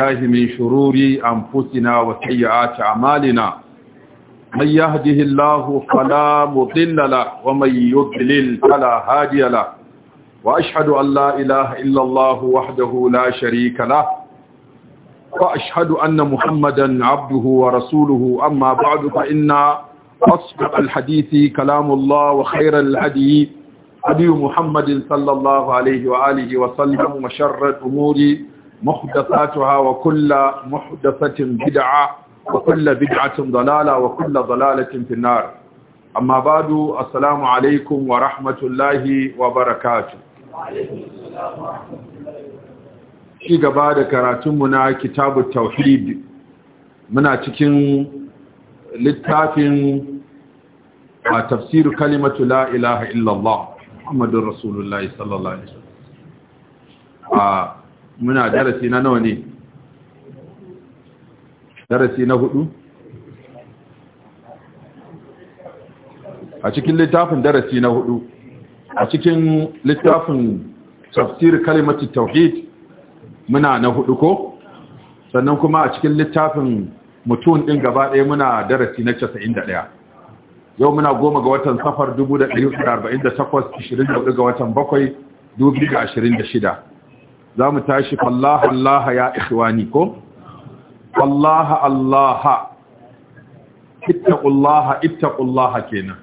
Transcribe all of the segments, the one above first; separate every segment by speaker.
Speaker 1: الله من شرور أنفسنا وسيئات أعمالنا من يهده الله فلا مضل له ومن يضلل فلا هادي له وأشهد أن لا إله إلا الله وحده لا شريك له وأشهد أن محمدا عبده ورسوله أما بعد فإن أصدق الحديث كلام الله وخير الهدي هدي محمد صلى الله عليه وآله وسلم وشر الأمور محدثاتها وكل محدثة بدعة وكل بدعة ضلالة وكل ضلالة في النار أما بعد السلام عليكم ورحمة الله وبركاته shi gaba da karatunmu na kitabu tauhid muna cikin littafin a tafsir kalimatu la ilaha illallah muhammadur rasulullahi sallallahu alaihi wasallam muna darasi na nawa ne darasi na hudu a cikin littafin darasi na hudu a cikin littafin tafsir kalimatu tauhid muna na hudu ko sannan kuma a cikin littafin mutum din gaba ɗaya muna darasi na 91 yau muna goma ga watan safar 1448 24 ga watan 7 2026 za mu tashi fallaha allaha ya ikhwani ko fallaha allaha ittaqullaha ittaqullaha kenan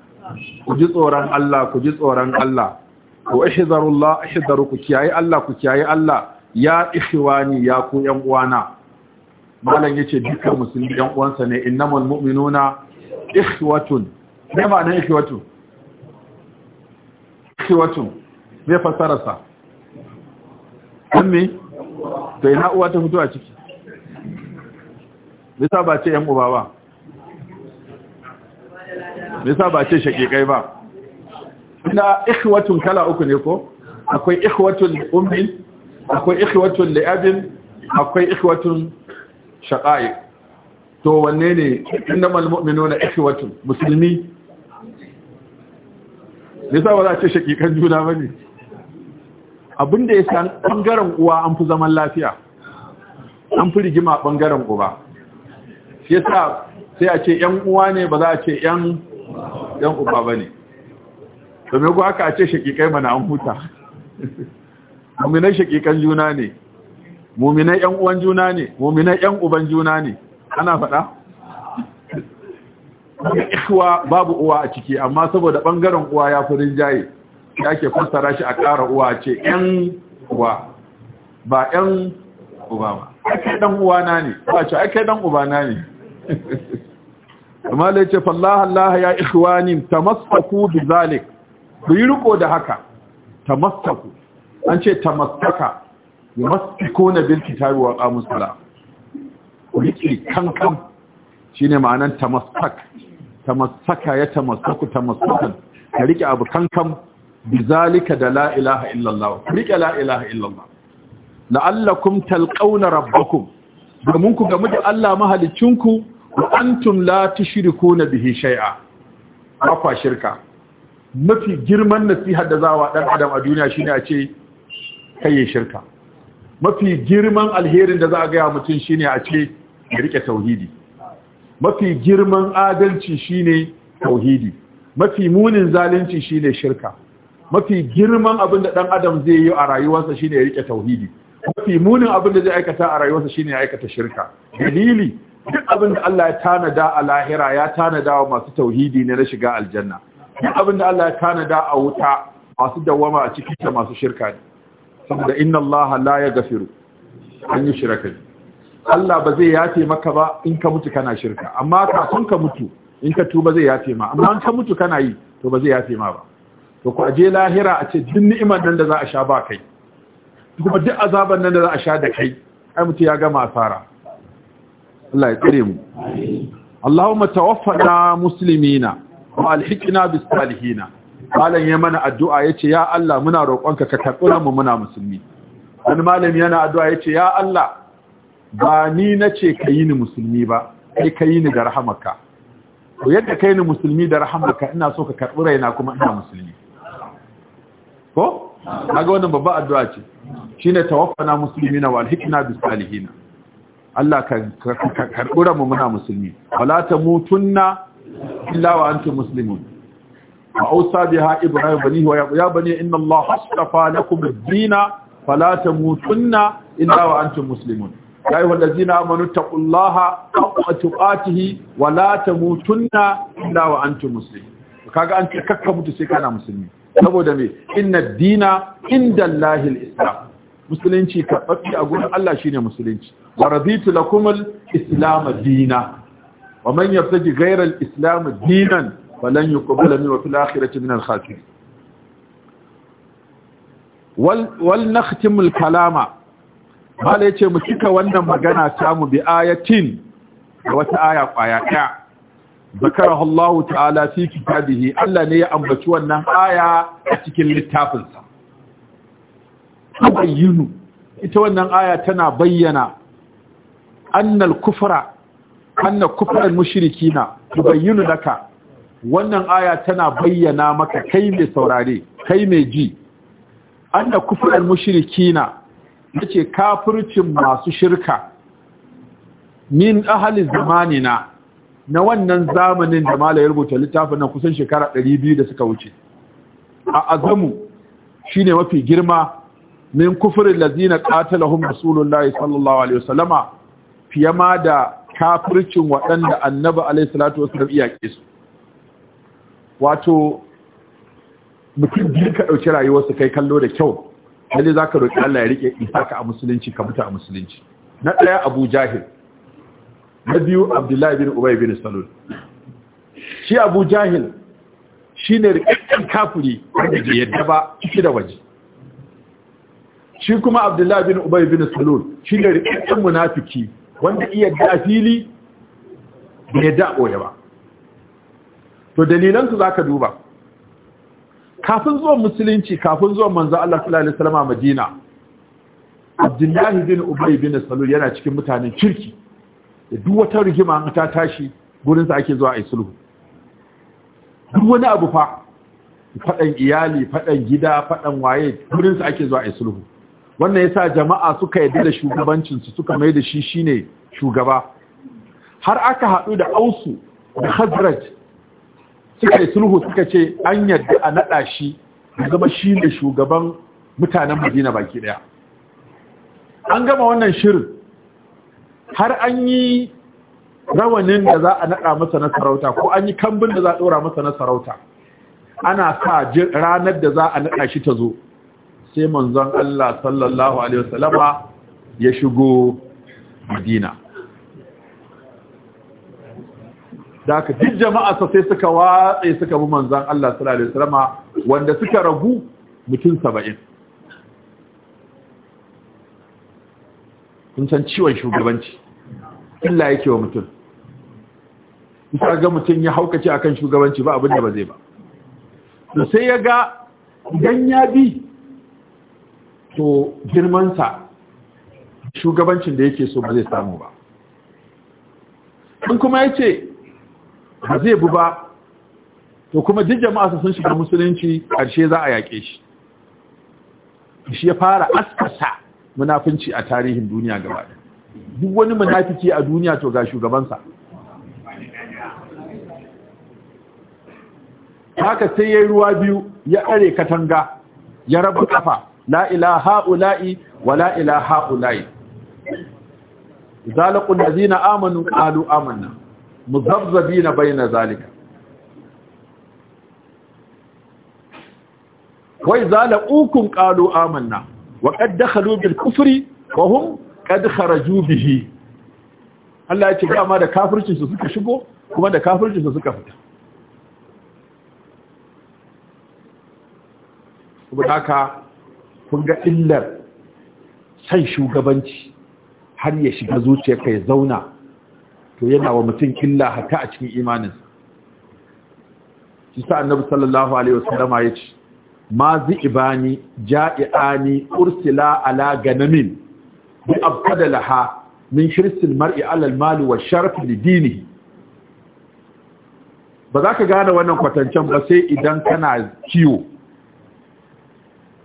Speaker 1: ku ji tsoron Allah ku ji tsoron Allah ku ihzarullah ihzaru ku kiyaye Allah ku kiyaye Allah ya ikhwani ya ku yan uwana malam yace dukkan musulmi yan uwansa ne innamal mu'minuna ikhwatun me ma'anar ikhwatun ikhwatun me fasararsa an to ina uwa ta fito a ciki nisa ba ce yan uba ba nisa ba ce shakikai ba ina ikhwatun kala uku ne ko akwai ikhwatun ummi akwai ikhwatun la'abin akwai ikhwatun shaqa'iq to wanne ne innamal mu'minuna ikhwatun musulmi nisa ba za ce shakikan juna bane abin da ya san ɓangaren uwa an fi zaman lafiya an fi rigima ɓangaren uba shi yasa sai a ce ‘yan uwa ne ba za a ce ‘yan uba ba ne domin ku haka a ce shakikai mana an huta muminai shakikan juna ne muminai ‘yan uwan juna ne muminai ‘yan uban juna ne ana faɗa? babu uwa a ciki amma saboda ɓangaren uwa ya fi rinjaye da ake fassara shi a ƙara uwa ce ‘yan uwa ba ‘yan uba ba ake ɗan uwa na ne ba ce ake ɗan uba na ne amma ce fallaha Allah ya ikhwani tamassaku bi zalik ku yi riko da haka tamassaku an ce tamassaka yamassakuna bil kitabi wa qamus sala ku yi kankan shine ma'anar tamassak tamassaka ya tamassaku tamassakan ka rike abu kankan bizalika da la illallah rike la ilaha illallah la'allakum talqauna rabbakum domin ku gamu da Allah mahalicinku wa antum la na bihi shai'a. Akwa shirka mafi girman nasiha da zawa ɗan adam a duniya shine a ce kai shirka mafi girman alherin da za a ga mutum shine a ce ya rike tauhidi mafi girman adalci shine tauhidi mafi munin zalunci shine shirka mafi girman abin da dan adam zai yi a rayuwarsa shine ya rike tauhidi mafi munin abin da zai aikata a rayuwarsa shine ya aikata shirka dalili duk abin da Allah ya tanada a lahira ya tanada wa masu tauhidi ne na shiga aljanna duk abin da Allah ya tanada a wuta masu dawama a cikin ta masu shirka ne saboda inna Allah la yaghfiru an yushraka Allah ba zai yafe maka ba in ka mutu kana shirka amma kafin ka mutu in ka tuba zai yafe ma amma in ka mutu kana yi to ba zai yafe ma ba to ku aje lahira a ce duk ni'imar nan da za a sha ba kai kuma duk azaban nan da za a sha da kai ai mutu ya gama asara Allah ya tsare mu Allahumma tawaffana muslimina wa alhiqna bis salihina malam ya mana addu'a yace ya Allah muna roƙonka ka karɓi mu muna musulmi wani malam yana addu'a yace ya Allah ba ni nace kai ni musulmi ba kai kai ni da rahamarka to yadda kai ni musulmi da rahamarka ina so ka karɓi raina kuma ina musulmi ko kaga wannan babban addu'a ce shine tawaffana muslimina wal hikna bis salihin Allah ka karbura mu muna musulmi wala tamutunna illa wa antum muslimun wa awsa biha ibrahim bani wa ya bani inna Allah hastafa lakum ad-din fala tamutunna illa wa antum muslimun يا أيها الذين آمنوا اتقوا الله حق تقاته ولا illa إلا وأنتم مسلمون kaga an ce kakka mutu sai kana musulmi saboda me inna dina inda lahil islam musulunci karɓaɓɓe a gurin Allah shine musulunci wa raditu lakum al-islam dina wa man yabtaji ji al islamu dinan falan yuqbala min wa fil akhirati min wal wal Kalama, al-kalama mala yace mu cika wannan magana ta mu bi ayatin da wata aya kwaya ɗaya zakarahu Allah ta'ala fi kitabihi Allah ne ya ambaci wannan aya a cikin littafinsa tabayyinu ita wannan aya tana bayyana annal kufra anna kufran mushrikina tubayyinu laka wannan aya tana bayyana maka kai mai saurare kai mai ji anna kufran mushrikina yace kafircin masu shirka min ahli zamanina na wannan zamanin da malai rubuta littafin nan kusan shekara 200 da suka wuce a azamu shine mafi girma min kufurin lazina qatalahum rasulullahi sallallahu alaihi wasallama fiye ma da kafircin waɗanda annabi alaihi salatu wasallam iyake su wato mutum biyu ka ɗauki rayuwarsa kai kallo da kyau lalle za ka roƙi Allah ya riƙe isa ka a musulunci ka mutu a musulunci na ɗaya abu jahil na biyu abdullahi bin ubay bin salul shi abu jahil shi ne rikakken kafuri wanda bai yadda ba ciki da waje shi kuma abdullahi bin ubay bin salul shi ne rikakken munafiki wanda iya da fili bai yadda a ɓoye ba to dalilansu za ka duba kafin zuwan musulunci kafin zuwan manzo Allah sallallahu alaihi wasallam a Madina Abdullahi bin Ubay bin Salul yana cikin mutanen kirki da duk wata rigima an ta tashi sa ake zuwa a yi sulhu duk wani abu fa faɗan iyali faɗan gida faɗan waye sa ake zuwa a yi sulhu wannan yasa jama'a suka yarda da shugabancinsu suka mai da shi shine shugaba har aka haɗu da ausu da hazrat suka yi sulhu suka ce an yarda a naɗa shi zama shi ne shugaban mutanen madina baki ɗaya an gama wannan shirin har an yi rawanin da za a naɗa masa na sarauta ko an yi kambin da za a ɗora masa na sarauta ana sa ranar da za a naɗa shi ta zo sai manzon Allah sallallahu alaihi wasallama ya shigo Madina da aka duk jama'a sai suka watsa suka bi manzon Allah sallallahu alaihi wasallama wanda suka ragu mutum 70 kun san ciwon shugabanci illa yake wa mutum isa ga mutum ya haukace akan shugabanci ba abin da ba zai ba to sai ya ga idan ya bi to sa shugabancin da yake so ba zai samu ba in kuma ya ce ba zai bu ba to kuma duk jama'a sun shiga musulunci karshe za a yaƙe shi shi ya fara askasa munafunci a tarihin duniya gaba da duk wani munafiki a duniya to ga shugabansa haka sai yayi ruwa biyu ya are katanga ya raba kafa la ilaha ula'i wa la ilaha ula'i zalqul ladina amanu qalu amanna na bayna zalika wai zalqukum qalu amanna wa qad dakhalu bil kufri wa hum qad kharaju bihi Allah ya ce dama da kafircin su suka shigo kuma da kafircin su suka fita kuma haka kun ga illar san shugabanci har ya shiga zuciya kai zauna to yana wa mutum illa haka a cikin imaninsa isa annabi sallallahu alaihi wasallama yace ma ibani ja'iani ursila ala ganamin bi abdalaha min shirsil mar'i ala al-mali wa sharaf li dinihi ba za ka gane wannan kwatancen ba sai idan kana kiwo.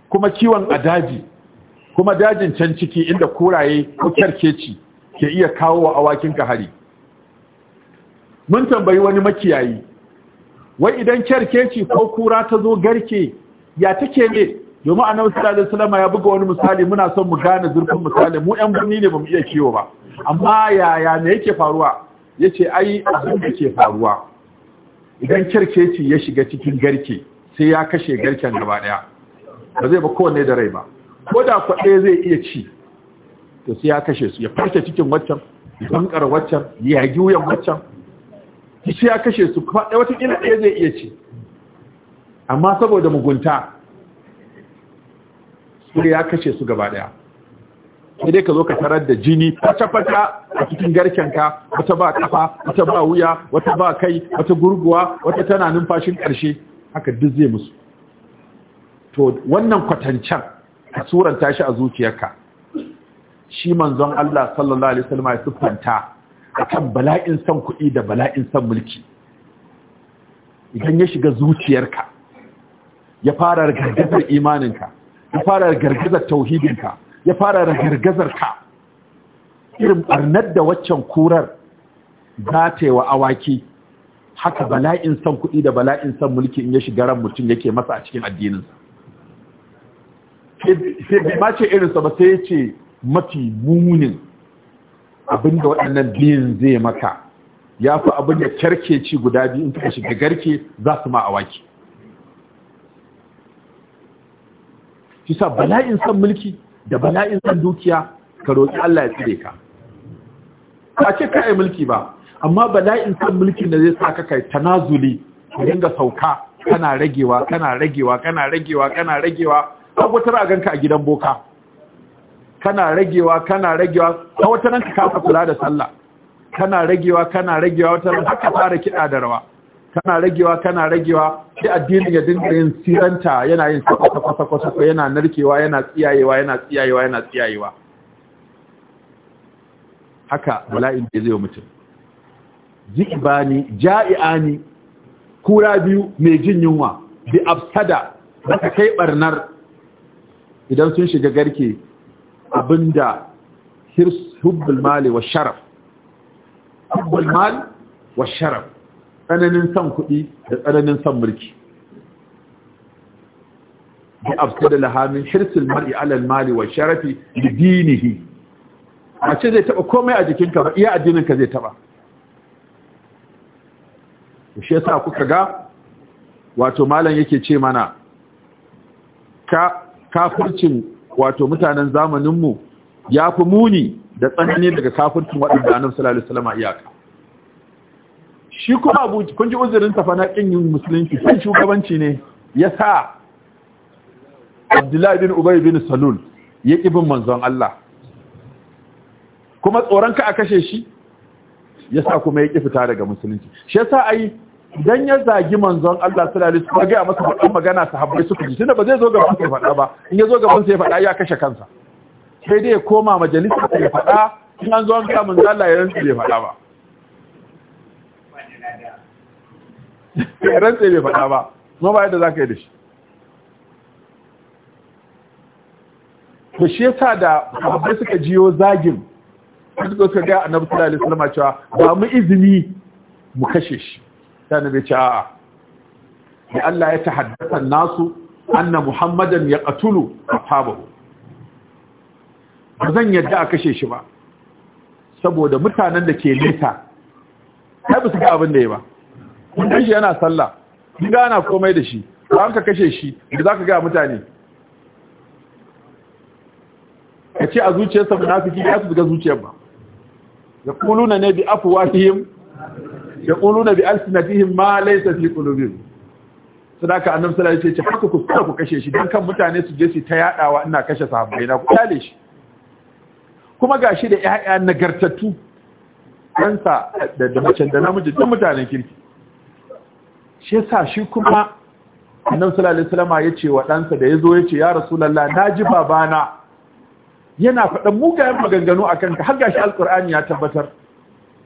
Speaker 1: kuma ciwon a daji kuma dajin can ciki inda kuraye ko kyarkeci ke iya kawo wa awakinka hari mun tambayi wani makiyayi wai idan kyarkeci ko kura ta zo garke ya take ne domin annabi sallallahu alaihi wasallam ya buga wani misali muna son mu gane zurfin misali mu yan birni ne bamu iya kiwo ba amma yaya me yake faruwa yace ai abin da ke faruwa idan kirkeci ya shiga cikin garke sai ya kashe garken gaba daya ba zai ba kowanne da rai ba ko da ɗaya zai iya ci to sai ya kashe su ya farce cikin waccan ya bankara waccan ya yagi waccan sai ya kashe su ɗaya wata kila ɗaya zai iya ci amma saboda mugunta sai ya kashe su gaba daya sai dai ka zo ka tarar da jini fata-fata a cikin garkenka wata ba kafa wata ba wuya wata ba kai wata gurguwa wata tana numfashin karshe haka duk zai musu to wannan kwatancan a tsoron shi a zuciyarka shi manzon Allah sallallahu alaihi wasallam ya siffanta akan bala'in san kuɗi da bala'in san mulki idan ya shiga zuciyarka ya fara imanin imaninka ya fara da gargazar tauhidinka ya fara da gargazar ka irin barnar da waccan kurar za ta yi wa awaki haka bala'in son kuɗi da bala'in son mulki in ya shiga ran mutum yake masa a cikin addininsa sai ma ce irinsa ba sai ya ce mafi munin abinda waɗannan biyun zai maka ya fi abin da kyarkeci guda biyu in ka shiga garke za su ma awaki Kisa sa bala'in san mulki da bala'in san dukiya ka roƙi Allah ya tsire ka ba ce ka yi mulki ba amma bala'in san mulkin da zai sa ka kai tanazuli ka dinga sauka kana ragewa kana ragewa kana ragewa kana ragewa ka wata ragan ka a gidan boka kana ragewa kana ragewa ka wata nan ka kula da sallah kana ragewa kana ragewa wata nan ka fara kiɗa da rawa kana ragewa kana ragewa sai addinin ya dinga yin siranta yana yin sakwasakwasa, sako yana narkewa yana tsiyayewa yana tsiyayewa yana tsiyayewa haka wala'in da zai mutum jibani ja'iani kura biyu mai jin yunwa bi afsada baka kai barnar idan sun shiga garke abinda hirs hubbul mali wa sharaf hubbul mali wa sharaf tsananin son kuɗi da tsananin son mulki bi abtada laha min hirsil mar'i ala mali wa sharafi da dinihi a ce zai taba komai a jikinka ba iya addinin ka zai taba shi yasa kuka ga wato malam yake ce mana ka kafircin wato mutanen zamaninmu ya fi muni da tsanani daga kafircin waɗanda annabi sallallahu alaihi wasallam iyaka shi kuma abu kun ji uzurin fa na kin yin musulunci sai shugabanci ne ya sa Abdullahi bin Ubay bin Salul ya ki bin manzon Allah kuma tsoron ka a kashe shi ya sa kuma ya ki fita daga musulunci shi yasa ai dan ya zagi manzon Allah sallallahu alaihi wasallam ga masa faɗan magana sahabbai suka ji tunda ba zai zo gaban sai faɗa ba in ya zo gaban sai faɗa ya kashe kansa sai dai ya koma majalisa ya faɗa in an zo an ga manzon Allah ya rantsa ya faɗa ba Eh, rantse bai faɗa ba kuma ba yadda za ka yi da shi da shi yasa da abu suka jiyo zagin suka suka ga annabi sallallahu alaihi wasallam cewa ba mu izini mu kashe shi sai annabi ce a'a ya Allah ya tahaddasa nasu anna muhammadan ya qatulu ashabahu ba zan yadda a kashe shi ba saboda mutanen da ke nesa sai ba su ga abin da ya ba kun dan shi yana sallah kun ga ana komai da shi ko an ka kashe shi da zaka ga mutane ce a zuciyarsa munafiki ya su ga zuciyar ba kuluna ne bi afwahihim kuluna bi alsinatihim ma laysa fi qulubihim sadaka annabi sallallahu alaihi wasallam ya ce haka ku ku kashe shi dan kan mutane su je su ta yadawa ina kashe sahabbai na ku tale shi kuma gashi da ƴaƴan nagartattu kansa da mace da namiji duk mutanen kirki shi sa shi kuma annan sallallahu Salama ya ce wa ɗansa da ya zo ya ce ya rasu lalla na ji babana yana faɗin mugayen maganganu akan ka har gashi alqur'ani ya tabbatar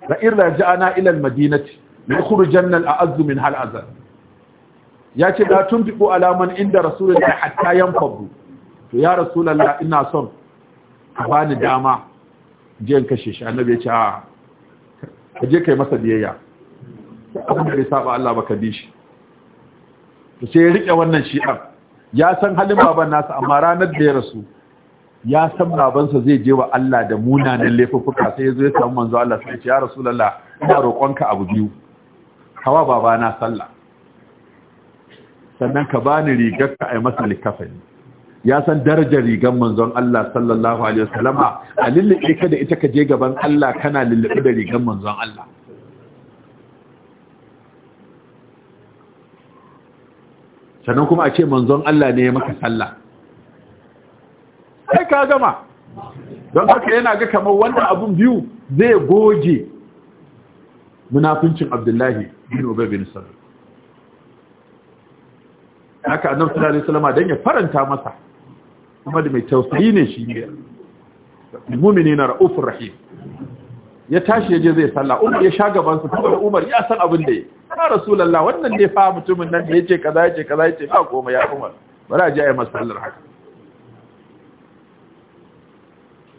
Speaker 1: da ji ana ilal madinati mai kuru jannal azumin hal hal'azar ya ce da tun ala alaman inda rasulullah hatta fabu to ya rasu lalla ina son ka bani dama jiyan kashe shi annabi ya ce a ka je kai masa biyayya abin da saba Allah ba ka bi shi to ya rike wannan shi'ar ya san halin baban nasa amma ranar da ya rasu ya san babansa zai je wa Allah da munanan laifuka, sai ya zo ya samu manzo Allah sai ya ce ya rasulullah ina roƙonka abu biyu baba babana sallah sannan ka bani rigar ka ai masa likafani ya san darajar rigar manzon Allah sallallahu alaihi wasallama a lillibe ka da ita ka je gaban Allah kana lillibe da rigar manzon Allah sannan kuma a ce manzon Allah ne ya maka sallah sai ka gama don haka yana ga kamar wannan abun biyu zai goge munafincin Abdullahi bin obe bin sallu haka annabi sallallahu alaihi wasallam don ya faranta masa kuma da mai tausayi ne shi ne na ra'ufin rahim ya tashi ya je zai sallah umar ya sha gaban su kuma umar ya san abin da yi. ya rasulullah wannan ne fa mutumin nan da yake kaza yace kaza yace ba komai ya umar bara a je ayi masallar haka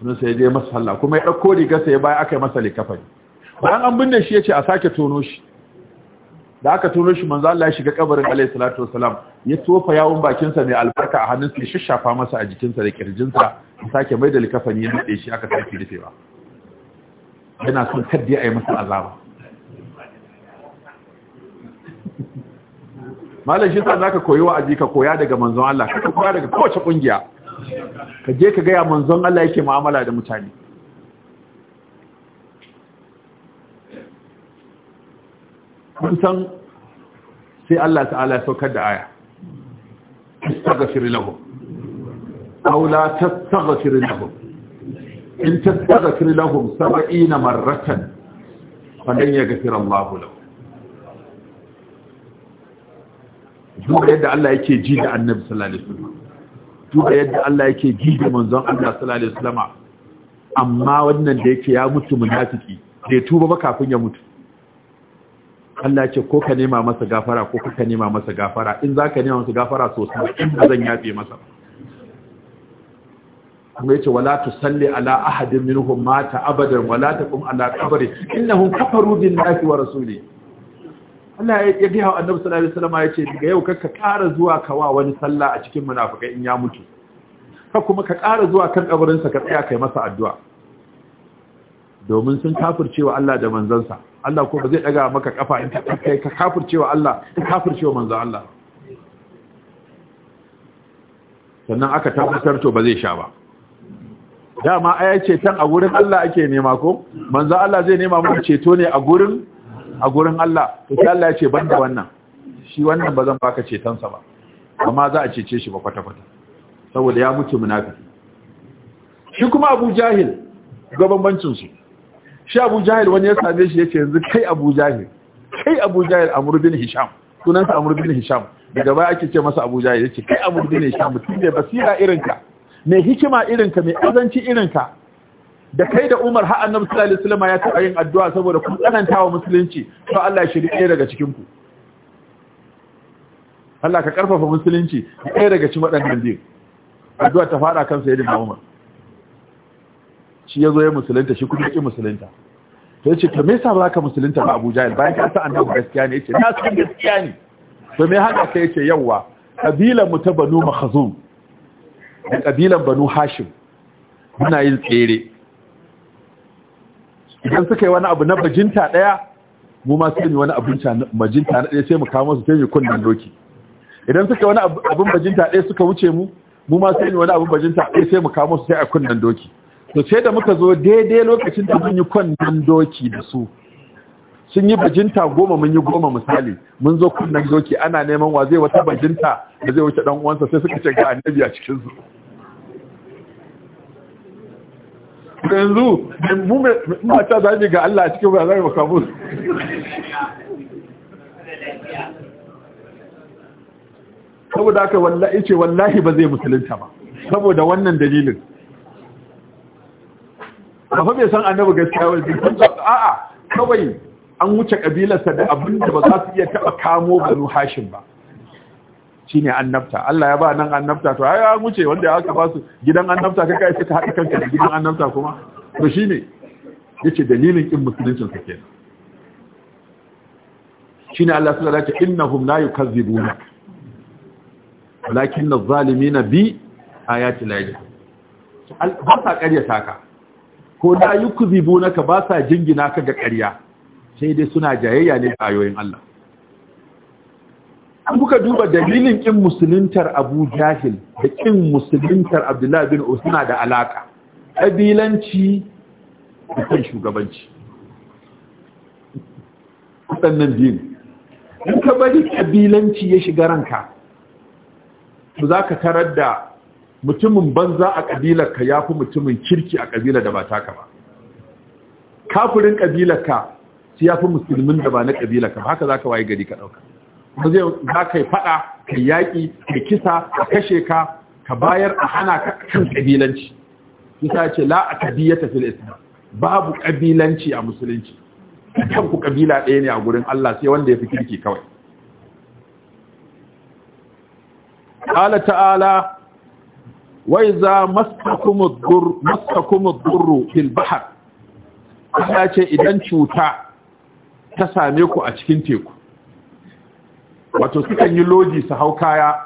Speaker 1: Mun sai je masalla kuma ya dauko riga sai bai aka yi masa likafani bayan an binne shi yace a sake tono shi da aka tono shi manzo Allah ya shiga kabarin alayhi salatu wasalam ya tofa yawun bakin sa mai albarka a hannun sa ya masa a jikin sa da kirjin sa ya sake mai da likafani ya nade shi aka sake rufewa yana son kaddi a yi masa azaba malam shi sa ka koyi wa'azi ka koya daga manzon Allah ka koya daga kowace kungiya ka je ka gaya manzon Allah yake mu'amala da mutane kun san sai Allah ta'ala ya saukar da aya istaghfir lahum aw la tastaghfir lahum in tastaghfir lahum 70 marratan fa lan yaghfir Allahu lahum duba yadda Allah yake ji da annabi sallallahu alaihi wasallam duba yadda Allah yake ji da manzon Allah sallallahu alaihi wasallam amma wannan da yake ya mutu munafiki bai tuba ba kafin ya mutu Allah yake ko ka nema masa gafara ko ka nema masa gafara in zaka nema masa gafara sosai in ba zan yafe masa kuma yace wala tusalli ala ahadin minhum mata abadan wala taqum ala qabri innahum kafaru billahi wa rasulihi Allah ya gaya wa annabi sallallahu alaihi wasallam ya ce daga yau ka ƙara zuwa ka wa wani sallah a cikin munafikai in ya mutu ka kuma ka ƙara zuwa kan sa ka tsaya kai masa addu'a domin sun kafircewa Allah da manzansa Allah ko ba zai daga maka kafa in ka kai ka kafircewa Allah ka kafircewa manzon Allah sannan aka tabbatar to ba zai sha ba dama aya ce tan a gurin Allah ake nema ko manzon Allah zai nema mu ceto ne a gurin a gurin Allah to sai Allah ya ce banda wannan shi wannan ba zan baka cetonsa ba amma za a cece shi ba kwata-kwata saboda ya mutu munafiki shi kuma Abu Jahil gabanbancin su shi Abu Jahil wani ya same shi yace yanzu kai Abu Jahil kai Abu Jahil Amr bin Hisham sunansa Amr bin Hisham daga baya ake ce masa Abu Jahil yace kai Amr bin Hisham mutum ne basira irinka mai hikima irinka mai azanci irinka da kai da Umar har Annabi sallallahu alaihi wasallam ya taɓa yin addu'a saboda ku tsananta wa musulunci to Allah ya shirye daga cikin ku Allah ka karfafa musulunci ɗaya daga cikin waɗannan din addu'a ta fara kan sayyidin Umar shi yazo ya musulunta shi kuma ya musulunta to yace to me yasa ba ka musulunta ba Abuja Jahl bayan ka san annabi gaskiya ne yace na san gaskiya ne to me haka kai yace yawa kabilan mu ta Banu Makhzum da kabilan Banu Hashim muna yin tsere idan suka yi wani abu na bajinta ɗaya mu ma suka yi wani na bajinta na ɗaya sai mu kama su sai mu kunnen doki idan suka yi wani abin bajinta ɗaya suka wuce mu mu ma suka yi wani abin bajinta ɗaya sai mu kama su sai a kunnen doki to sai da muka zo daidai lokacin da mun yi kunnen doki da su sun yi bajinta goma mun yi goma misali mun zo kunnen doki ana neman wa zai wata bajinta da zai wuce dan uwansa sai suka ce ga annabi a cikin su yanzu yanzu mu mata za mu ga Allah a cikin ba za mu saboda aka wallahi ce wallahi ba zai musulunta ba saboda wannan dalilin ba fa bai san annabi gaskiya ba a'a kawai an wuce kabilarsa da abin da ba za su iya taba kamo banu hashim ba shine annabta Allah ya ba nan annabta to ai an wuce wanda aka ba su gidan annabta kai kai suka haɗi kanka da gidan annabta kuma to shine yace dalilin kin musuluncin sa kenan shine Allah subhanahu wa ta'ala innahum la yukazzibuna walakin adh-dhalimina bi ayati llahi ba sa ƙaryata ka ko la ka ba sa jingina ka ga ƙarya sai dai suna jayayya ne da ayoyin Allah kuka duba dalilin ƙin musuluntar abu jahil da kin musuluntar abdullahi bin usna da alaka ƙabilanci da kan shugabanci waɗannan biyun in ka bari ƙabilanci ya shiga ranka to za ka tarar da mutumin banza a ƙabilarka ya fi mutumin kirki a ƙabilar da ba taka ba kafirin ƙabilarka su ya fi musulmin da ba na ƙabilarka haka za ka waye gari ka ɗauka zai za ka yi faɗa ka yaƙi ka kisa ka kashe ka ka bayar a hana ka kan ƙabilanci kisa ce la a tabiyyata fil islam babu ƙabilanci a musulunci kan ku ƙabila ɗaya ne a gurin Allah sai wanda ya fi kirki kawai قال Ta'ala wai za الضر مسكم الضر fil البحر ta ce idan cuta ta same ku a cikin teku wato sukan yi loji su hau kaya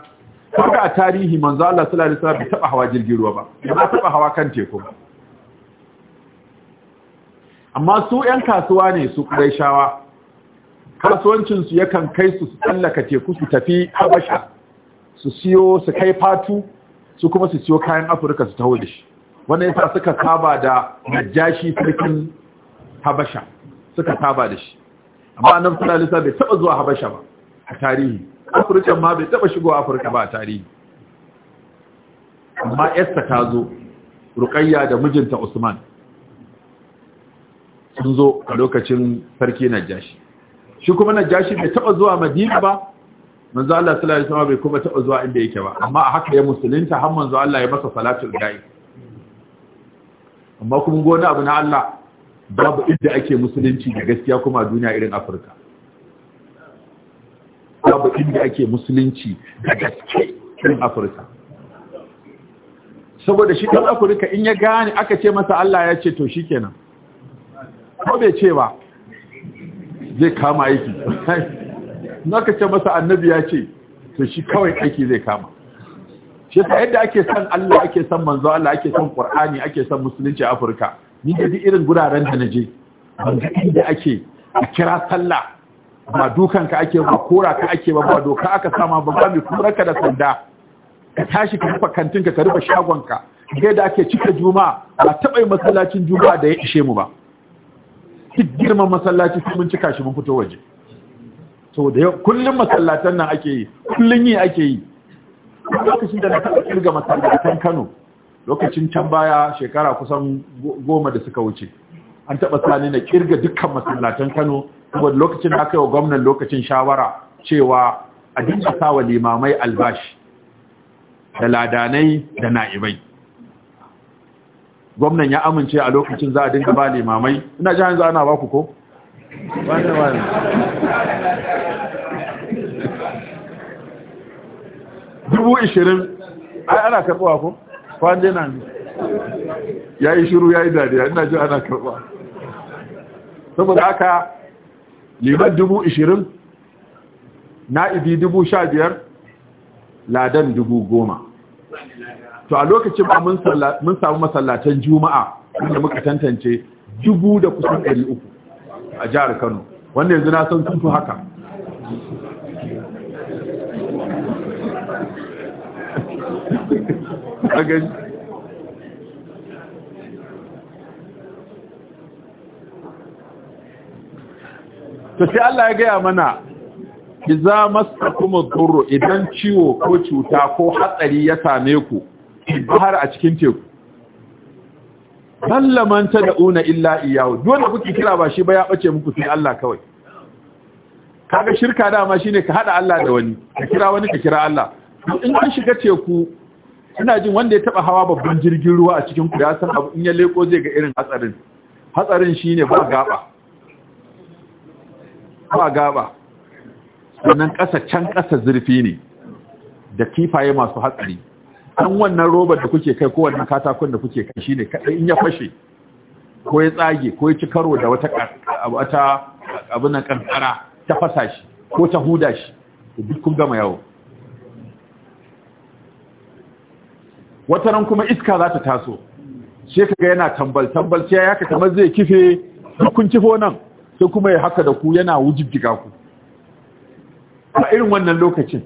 Speaker 1: kaga a tarihi manzo Allah sallallahu alaihi wasallam bai taba hawa jirgin ruwa ba ba taba hawa kan teku amma su ƴan kasuwa ne su Qurayshawa kasuwancin su yakan kai su su tsallaka teku su tafi Habasha su siyo su kai fatu su kuma su siyo kayan Afirka su taho da shi wannan yasa suka saba da Najashi sarkin Habasha suka saba da shi amma annabi sallallahu alaihi wasallam bai taba zuwa Habasha ba a tarihi afirkan ma bai taba shigo afirka ba a tarihi amma esta ta zo rukayya da mijinta usman sun zo a lokacin sarki najashi shi kuma najashi bai taba zuwa madina ba manzo Allah sallallahu alaihi wasallam bai kuma taba zuwa inda yake ba amma a haka ya musulunta har manzo Allah ya masa salatul gaib amma kuma gona abu na Allah babu inda ake musulunci da gaskiya kuma a duniya irin Afirka babu inda ake musulunci da gaske cikin afirka saboda shi ɗan afirka in ya gane aka ce masa allah ya ce to shi kenan ko bai ce ba zai kama aiki na ka ce masa annabi ya ce to shi kawai aiki zai kama shi ta yadda ake son Allah ake son manzo Allah ake son Qur'ani ake son musulunci a Afirka ni da irin guraren da na je ban ga inda ake a kira sallah ba dukan ka ake ba kora ka ake ba ba doka aka sama ba ba mai ka da sanda ka tashi ka rufe kantin ka ka rufe ka. ga da ake cika juma'a ba taba yi masallacin juma'a da ya ishe mu ba duk girman masallaci sun mun cika shi mun fito waje to yau kullum masallatan nan ake yi kullum yi ake yi lokacin da na taba kirga masallatan Kano lokacin can baya shekara kusan goma da suka wuce an taɓa sani na kirga dukkan masallatan Kano saboda lokacin da aka yi wa gwamnan lokacin shawara cewa a dinka sa wa limamai albashi da ladanai da na'ibai gwamnan ya amince a lokacin za a dinka ba limamai ina ji hanzu ana baku ko? dubu ishirin ai ana karbuwa ko? kwanne na ya yi shiru ya yi dariya ina ji ana karbuwa saboda haka liman dubu ishirin na'ibi dubu sha biyar ladan dubu goma to a lokacin ba mun samu masallatan juma'a wanda muka tantance dubu da kusan ɗari uku a jihar kano wanda yanzu na san tuntu haka a gani to sai Allah ya gaya mana iza masakum kuma idan ciwo ko cuta ko hatsari ya same ku bahar a cikin teku sallaman ta da'una illa iyahu dole kuke kira ba shi ba ya bace muku sai Allah kawai kaga shirka dama shine ka hada Allah da wani ka kira wani ka kira Allah in an shiga teku ina jin wanda ya taba hawa babban jirgin ruwa a cikin ku ya san abu in ya leko zai ga irin hatsarin hatsarin shine ba gaba ba gaba sannan ƙasa can ƙasa zurfi ne da kifaye masu hatsari an wannan robar da kuke kai kowanne katakon da kuke kai shine kadai in ya fashe ko ya tsage ko ya ci karo da wata wata ƙanƙara ta fasa shi ko ta huda shi duk kun gama yawo wata ran kuma iska za ta taso sai kaga yana tambal tambal sai ya ka kamar zai kife kun kifo nan sai kuma ya haka da ku yana wujibjiga ku a irin wannan lokacin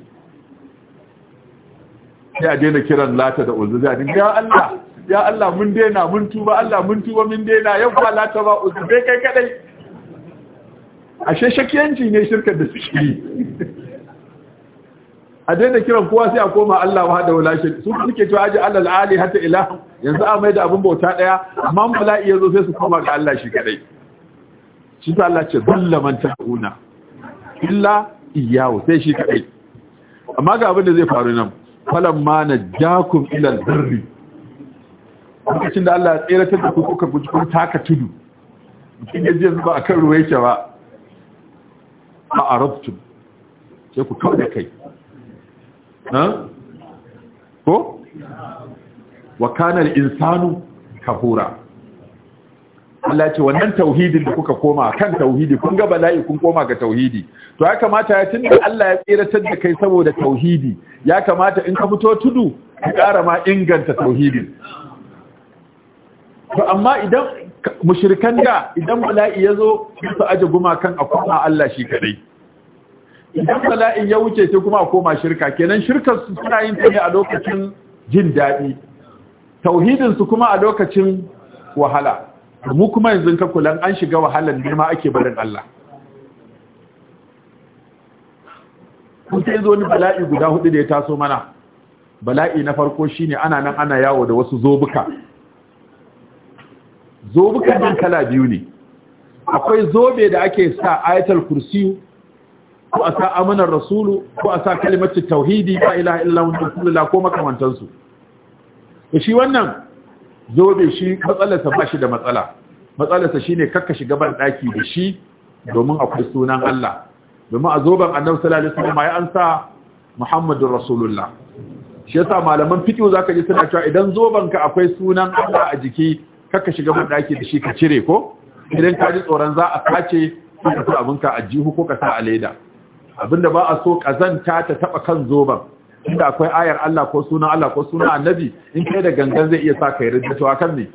Speaker 1: Ya daina kiran lata da uzu zai ya Allah ya Allah mun daina mun tuba Allah mun tuba mun daina yau ba lata ba uzu bai kai kadai ashe shakiyanci ne shirkar da su yi a daina kiran kowa sai a koma Allah hada wala shi su suke cewa aji Allah al-ali hatta ilahu yanzu a mai da abin bauta daya amma bala'i yazo sai su koma ga Allah shi kadai shi ta Allah ce ballaman ta'una illa iyawu sai shi kadai amma ga abin da zai faru nan falan ma najakum ila albirri lokacin da Allah ya ta da ku kuka guji kun taka tudu kin ya je zuba akan ruwa ce ba a arabtum sai ku kauda kai Ha? ko wa kana al-insanu kahura Allah ce wannan tauhidin da kuka koma kan tauhidi kun ga bala'i kun koma ga tauhidi to ya kamata ya tunda Allah ya tsiratar da kai saboda tauhidi ya kamata in ka fito tudu ka ƙara ma inganta tauhidin to amma idan mushrikan da idan bala'i yazo su aje gumakan a koma Allah shi kadai idan bala'in ya wuce sai kuma koma shirka kenan shirkar su suna yin ta a lokacin jin daɗi tauhidin su kuma a lokacin wahala mu kuma yanzu ka kula an shiga wahalar nema ake barin Allah kun ta zo ni bala'i guda hudu da ya taso mana bala'i na farko shine ana nan ana yawo da wasu zobuka zobukan din kala biyu ne akwai zobe da ake sa ayatul kursiyu ko a sa amanar rasulu ko a sa kalimatu tauhidi la ilaha illa allah ko makamantansu to shi wannan zobe shi matsalarsa ba shi da matsala matsalarsa shine kakka shiga ban daki da shi domin akwai sunan Allah domin a zoben annabi sallallahu alaihi wasallam ya ansa Muhammadur Rasulullah shi yasa malaman fiqh zaka ji suna cewa idan zoben ka akwai sunan Allah a jiki kakka shiga ban daki da shi ka cire ko idan ka ji tsoron za a sace ka abinka a jihu ko ka sa a leda abinda ba a so kazanta ta taba kan zoben inda akwai ayar Allah ko sunan Allah ko sunan annabi in kai da gangan zai iya sa ka yarda a kan ne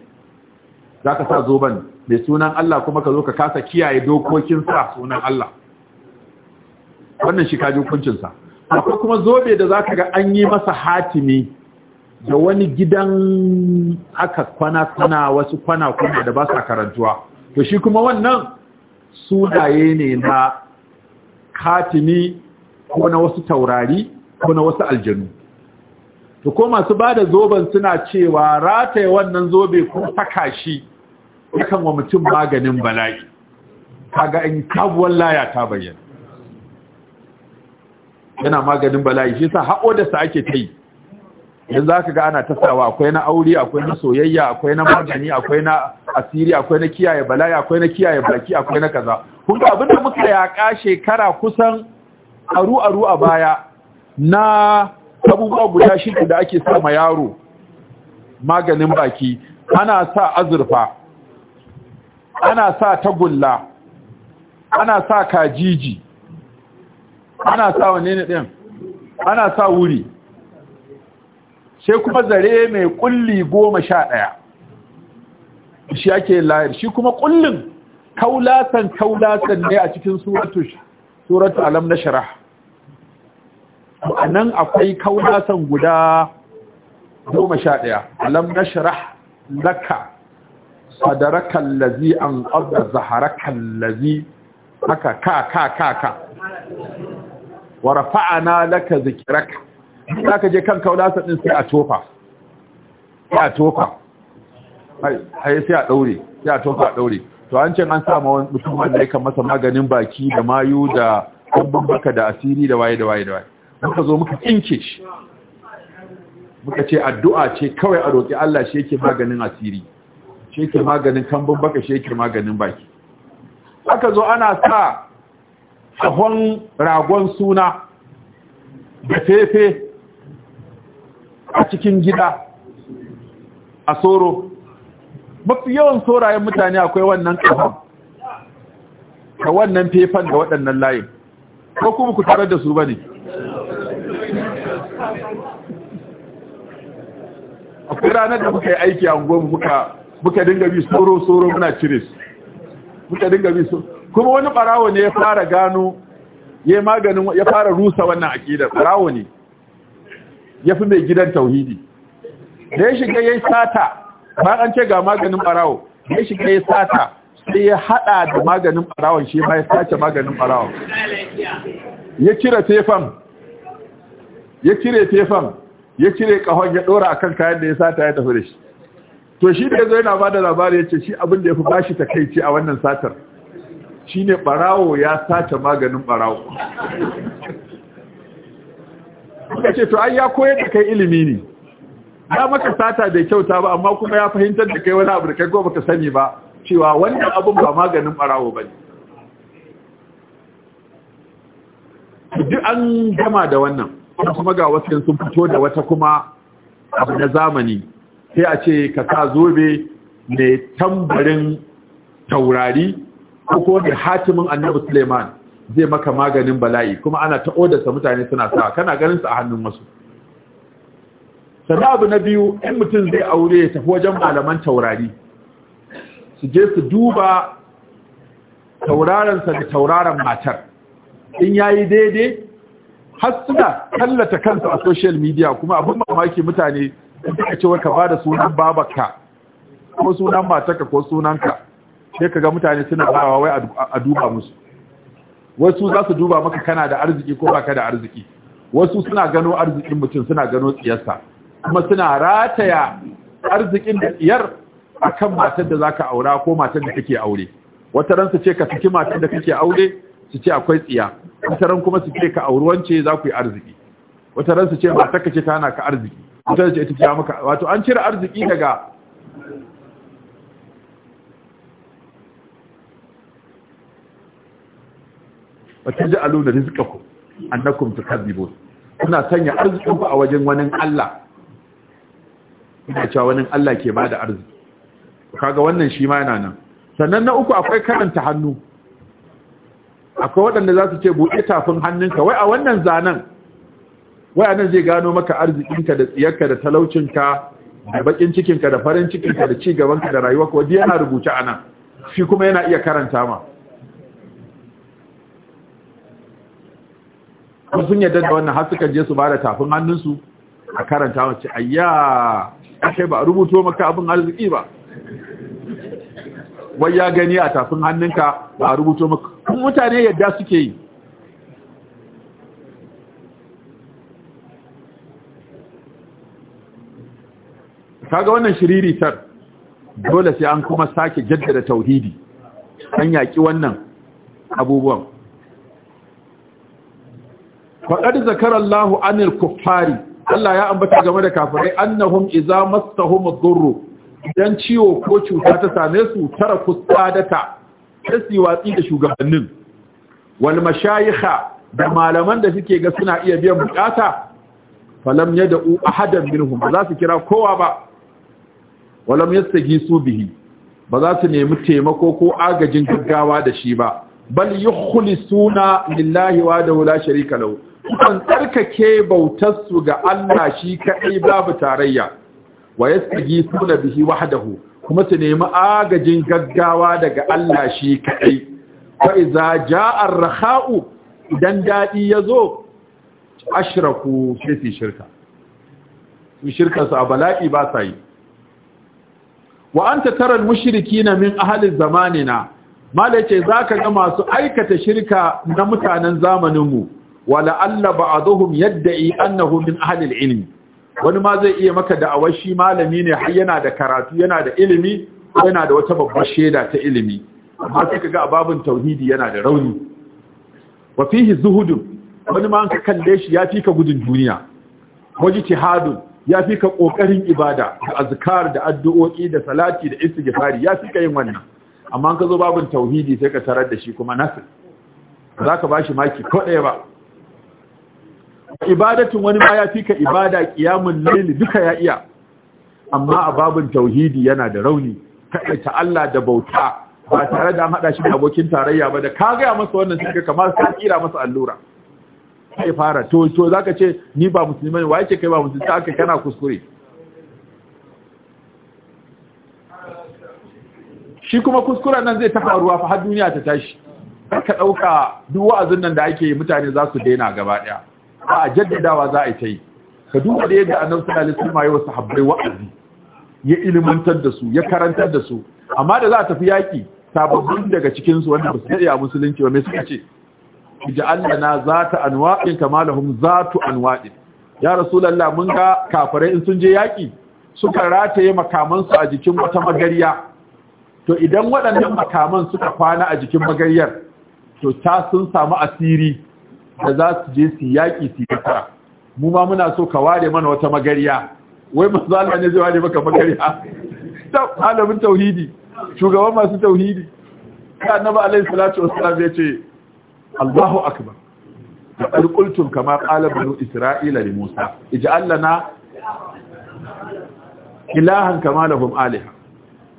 Speaker 1: Za ka sa zoben mai sunan Allah kuma ka zo ka kasa kiyaye dokokin sa sunan Allah wannan shi kaji hukuncinsa. akwai kuma zobe da za ka ga an yi masa hatimi da wani gidan aka kwana kwana wasu kwana kuma da ba sa karantuwa to shi kuma wannan sunaye ne na hatimi ko na wasu taurari ko na wasu aljanu to ko masu ba da zoben suna cewa rataye wannan zobe ko saka shi yakan wa mutum maganin bala'i kaga in kabuwar laya ta bayyana yana maganin bala'i shi sa haƙo da sa ake ta yi yanzu za ka ga ana tasawa akwai na aure akwai na soyayya akwai na magani akwai na asiri akwai na kiyaye bala'i akwai na kiyaye baki akwai na kaza kun ga da muka yaƙa shekara kusan aru aru a baya na abubuwa guda shida da ake sama yaro maganin baki ana sa azurfa ana sa tagulla ana sa kajiji ana sa wane ne din ana sa wuri sai kuma zare mai kulli goma sha ɗaya shi ake layar shi kuma kullum kaulatan kaulatan ne a cikin suratu alam na shara a nan akwai kaunatan guda goma sha ɗaya lam na shirah laka sadarakan lazi an ƙasar zaharakan lazi haka ka ka ka ka wa na laka zikiraka za ka je kan kaunatan ɗin sai a tofa sai a tofa haye sai a ɗaure sai a tofa a ɗaure to an ce an samu wani mutum wanda ya kan masa maganin baki da mayu da ɗan baka da asiri da waye da waye da waye muka zo muka tsinke shi muka ce addu'a ce kawai a roƙi Allah shi yake maganin asiri shi yake maganin kambun baka shi yake maganin baki aka zo ana sa sahon ragon suna da fefe a cikin gida a soro mafi yawan saurayen mutane akwai wannan ƙahon da wannan fefan da waɗannan layin ko kuma ku tare da su ba ne akwai ranar da muka yi aiki a unguwar muka muka dinga bi soro soro muna cire su muka dinga bi so kuma wani barawo ne ya fara gano ya maganin ya fara rusa wannan akidar barawo ne ya fi mai gidan tauhidi da ya shiga ya yi sata ba an ce ga maganin barawo ya shiga ya yi sata sai ya hada da maganin barawo shi ma ya sace maganin barawo ya cire tefan ya cire tefan ya cire kahon ya dora kan kayan da ya sata ya tafi da shi to shi da yazo yana bada labari ce, shi abin da yafi bashi takaici a wannan satar Shi ne barawo ya sata maganin barawo kuka ce to ai ya koyar da kai ilimi ne ya maka sata bai kyauta ba amma kuma ya fahimtar da kai wani abu da kai ko baka sani ba cewa wannan abin ba maganin barawo ba ne. duk an gama da wannan kuma ga wasu sun fito da wata kuma abu na zamani sai a ce ka sa zobe mai tambarin taurari ko ko da hatimin annabi suleiman zai maka maganin bala'i kuma ana ta odarsa mutane suna sa kana ganin su a hannun wasu sannan abu na biyu in mutum zai aure ya tafi wajen malaman taurari su je su duba taurarensa da tauraron matar in ya yi daidai har suna tallata kansu a social media kuma abin mamaki mutane suna cewa, ka ba da sunan babarka ko sunan matarka ko sunanka sai ga mutane suna bawa wai a duba musu wasu za su duba maka kana da arziki ko baka da arziki wasu suna gano arzikin mutum suna gano tsiyarsa kuma suna rataya arzikin da tsiyar kan matar da za ka aura ko matar da kake aure wata ransa ce ka fiki matar da kake aure su ce akwai tsiya wata ran kuma su ce ka auri wance za ku yi arziki wata ran su ce ba taka ta na ka arziki wata ce ita ce maka wato an cire arziki daga wata ji alu da rizika ku annakum tukadzibun kuna sanya arzikin ku a wajen wani Allah ina cewa wani Allah ke bada arziki kaga wannan shi ma yana nan sannan na uku akwai karanta hannu akwai waɗanda za su ce buɗe tafin hannunka wai a wannan zanen wai a nan zai gano maka arzikinka da tsiyarka da talaucinka da bakin cikinka da farin cikinka da cigabanka da rayuwa rayuwarka wadda yana rubuce a nan shi kuma yana iya karanta ma sun yadda da wannan har suka je su ba da tafin hannunsu a karanta mace ayya ashe ba rubuto maka abin arziki ba wai ya gani a tafin hannunka ba a rubuto maka kun mutane yadda suke yi kaga wannan shiriritar dole sai an kuma sake jaddada tauhidi an yaki wannan abubuwan faɗaɗi zakar Allah anil kuffari Allah ya ambata game da kafirai annahum iza mastahum dhurru idan ciwo ko cuta ta same su tara kusadata sai su watsi da shugabannin wani mashayiha da malaman da suke ga suna iya biyan bukata falam yad'u ahadan minhum ba za su kira kowa ba walam su bihi ba za su nemi taimako ko agajin gaggawa da shi ba bal suna lillahi wa da la sharika lahu kan tsarkake bautar su ga Allah shi kadai babu tarayya wa suna bihi wahdahu kuma su nemi agajin gaggawa daga Allah shi kaɗai fa iza ja'ar raha'u idan daɗi ya zo ashraku sai shirka su shirkansu a bala'i ba sa yi wa an mushiriki na min ahalin zamanina mala ce za ka ga masu aikata shirka na mutanen zamaninmu wa la'alla ba a zuhun yadda yi annahu min ahalin ilmi wani ma zai iya maka da shi malami ne har yana da karatu yana da ilimi yana da wata babbar shaida ta ilimi amma sai kaga ababun tauhidi yana da rauni wa fihi zuhudun wani ma ka kalle shi ya fi ka gudun duniya waji tihadu ya fi ka kokarin ibada da azkar da addu'o'i da salati da istighfari ya fi ka yin wannan amma ka zo babun tauhidi sai ka tarar da shi kuma nasu zaka bashi maki ko ɗaya ba ibadatun wani ma ya fika ibada kiyamun laili duka ya iya amma a babin tauhidi yana da rauni kaɗaita Allah da bauta ba tare da haɗa shi da abokin tarayya ba da ka gaya masa wannan suka kamar ka kira masa allura sai fara to to zaka ce ni ba musulmi ne waye ce kai ba musulmi ka kana kuskure shi kuma kuskuren nan zai ta faruwa fa har duniya ta tashi ka dauka duk wa'azin nan da ake yi mutane za su daina gaba daya a jaddadawa za a yi ta yi ka duba da yadda annabi sallallahu alaihi wasallam wasu habbai wa'azi ya ilimantar da su ya karantar da su amma da za a tafi yaki sababbin daga cikin su wanda ba su a musulunci ba me suka ce ja'alna zata anwa'in kama zatu anwa'in ya rasulullah mun ga kafirai in sun je yaƙi. suka rataye makamansu a jikin wata magariya to idan waɗannan makaman suka kwana a jikin magariyar to ta sun samu asiri da za su je su yaƙi su yi mu ma muna so ka ware mana wata magariya wai manzo Allah ne zai ware maka magariya ta malamin tauhidi shugaban masu tauhidi Ya annabi alaihi salatu wassalam ya ce Allahu akbar da qultum kama qala banu isra'ila da musa iji lana ilahan kama lahum alaha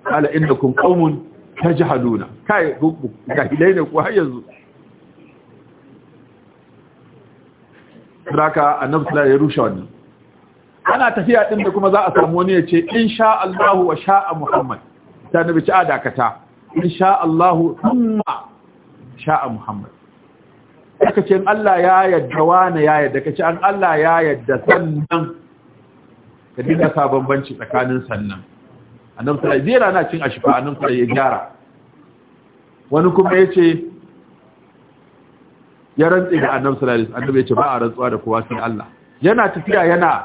Speaker 1: qala innakum qaumun tajhaduna kai gubbu kai dai ne ku har yanzu raka annabi sallallahu ya rushe wani ana tafiya din da kuma za a samu wani ya ce insha Allah wa sha'a Muhammad ta nabi ci adakata insha Allah thumma sha'a Muhammad aka ce Allah ya yadda wani ya yadda kace an Allah ya yadda sannan ka dinga sa bambanci tsakanin sannan annabi sallallahu alaihi wasallam zai rana cin ashifa annabi sallallahu ya gyara wani kuma yace ya rantsi da annabi sallallahu alaihi wasallam ya ce ba a rantsuwa da kowa sai Allah yana tafiya yana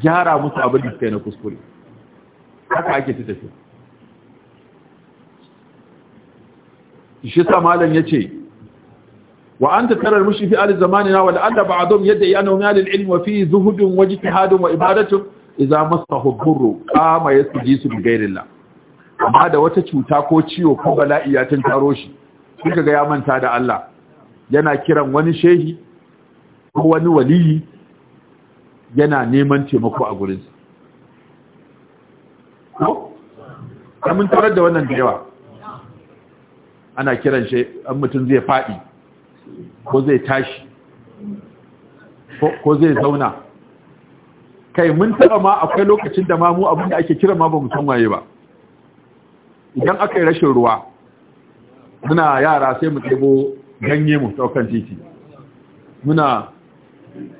Speaker 1: gyara musu abin da suka na kuskure haka ake ta tafiya shi sa malam yace wa anta tara al-mushi fi al zamanina wa anta ba'dhum yad'i annahu min al-ilm wa fi zuhud wa ijtihadun wa ibadatun idza masahu burru qama su bi ghayrillah amma da wata cuta ko ciwo ko bala'i ya tantaro shi kika ga ya manta da Allah yana kiran wani shehi ko wani waliyi yana neman taimako a gurinsa ko mun tarar da wannan da yawa ana kiran shi an mutum zai faɗi ko zai tashi ko zai zauna kai mun taɓa ma akwai lokacin da ma mu abin da ake kira ma ba san waye ba idan aka yi rashin ruwa muna yara sai mu ɗebo ganye mu saukan titi muna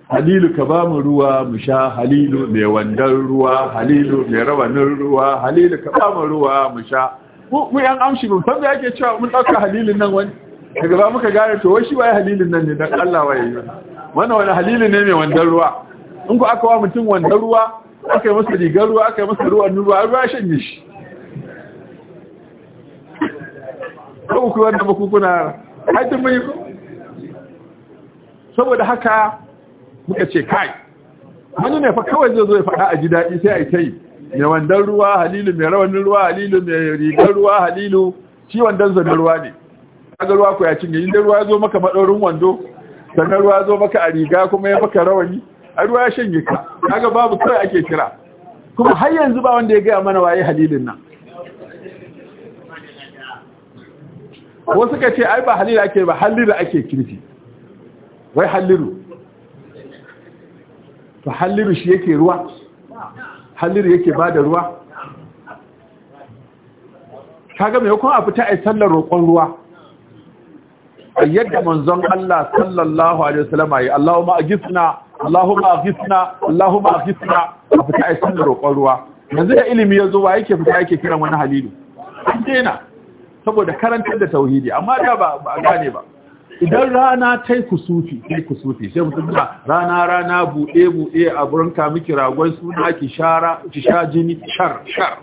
Speaker 1: halilu ka ba mu ruwa mu sha halilu mai wandan ruwa halilu mai rawanin ruwa halilu ka ba mu ruwa mu sha mu yan amshi mun san yake cewa mun dauka halilin nan wani daga ba muka gane to wai shi wai halilin nan ne dan Allah wai wannan wani halilu ne mai wandan ruwa in ku aka wa mutum wandan ruwa aka yi masa rigar ruwa aka yi masa ruwan ruwa ruwa shanye shi ko ku wannan ba haifin ko saboda haka muka ce kai wani ne fa kawai zai zo ya faɗa a ji daɗi sai a yi ta yi mai wandan ruwa halilu mai rawanin ruwa halilu mai rigar ruwa halilu shi wandan zanen ruwa ne kaga ruwa ko ya cinye inda ruwa ya zo maka maɗaurin wando sannan ruwa ya zo maka a riga kuma ya maka rawani a ruwa ya shanye ka kaga babu kai ake kira kuma har yanzu ba wanda ya gaya mana waye halilin nan ko suka ce ai ba halila ake ba halliru ake kirfi wai halilu to halilu shi yake ruwa halilu yake ba da ruwa kaga mai kuma a fita a sallar roƙon ruwa a yadda manzon Allah sallallahu alaihi wasallam ayi Allahumma aghithna Allahumma aghithna Allahumma aghithna a fita a sallar roƙon ruwa yanzu da ilimi yazo wa yake fita yake kiran wani halilu an daina saboda karantar da tauhidi amma da ba a gane ba idan rana ta yi kusufi ta yi kusufi sai mutum na rana rana buɗe buɗe a burin kami kiragon suna ki shara ki sha jini shar shar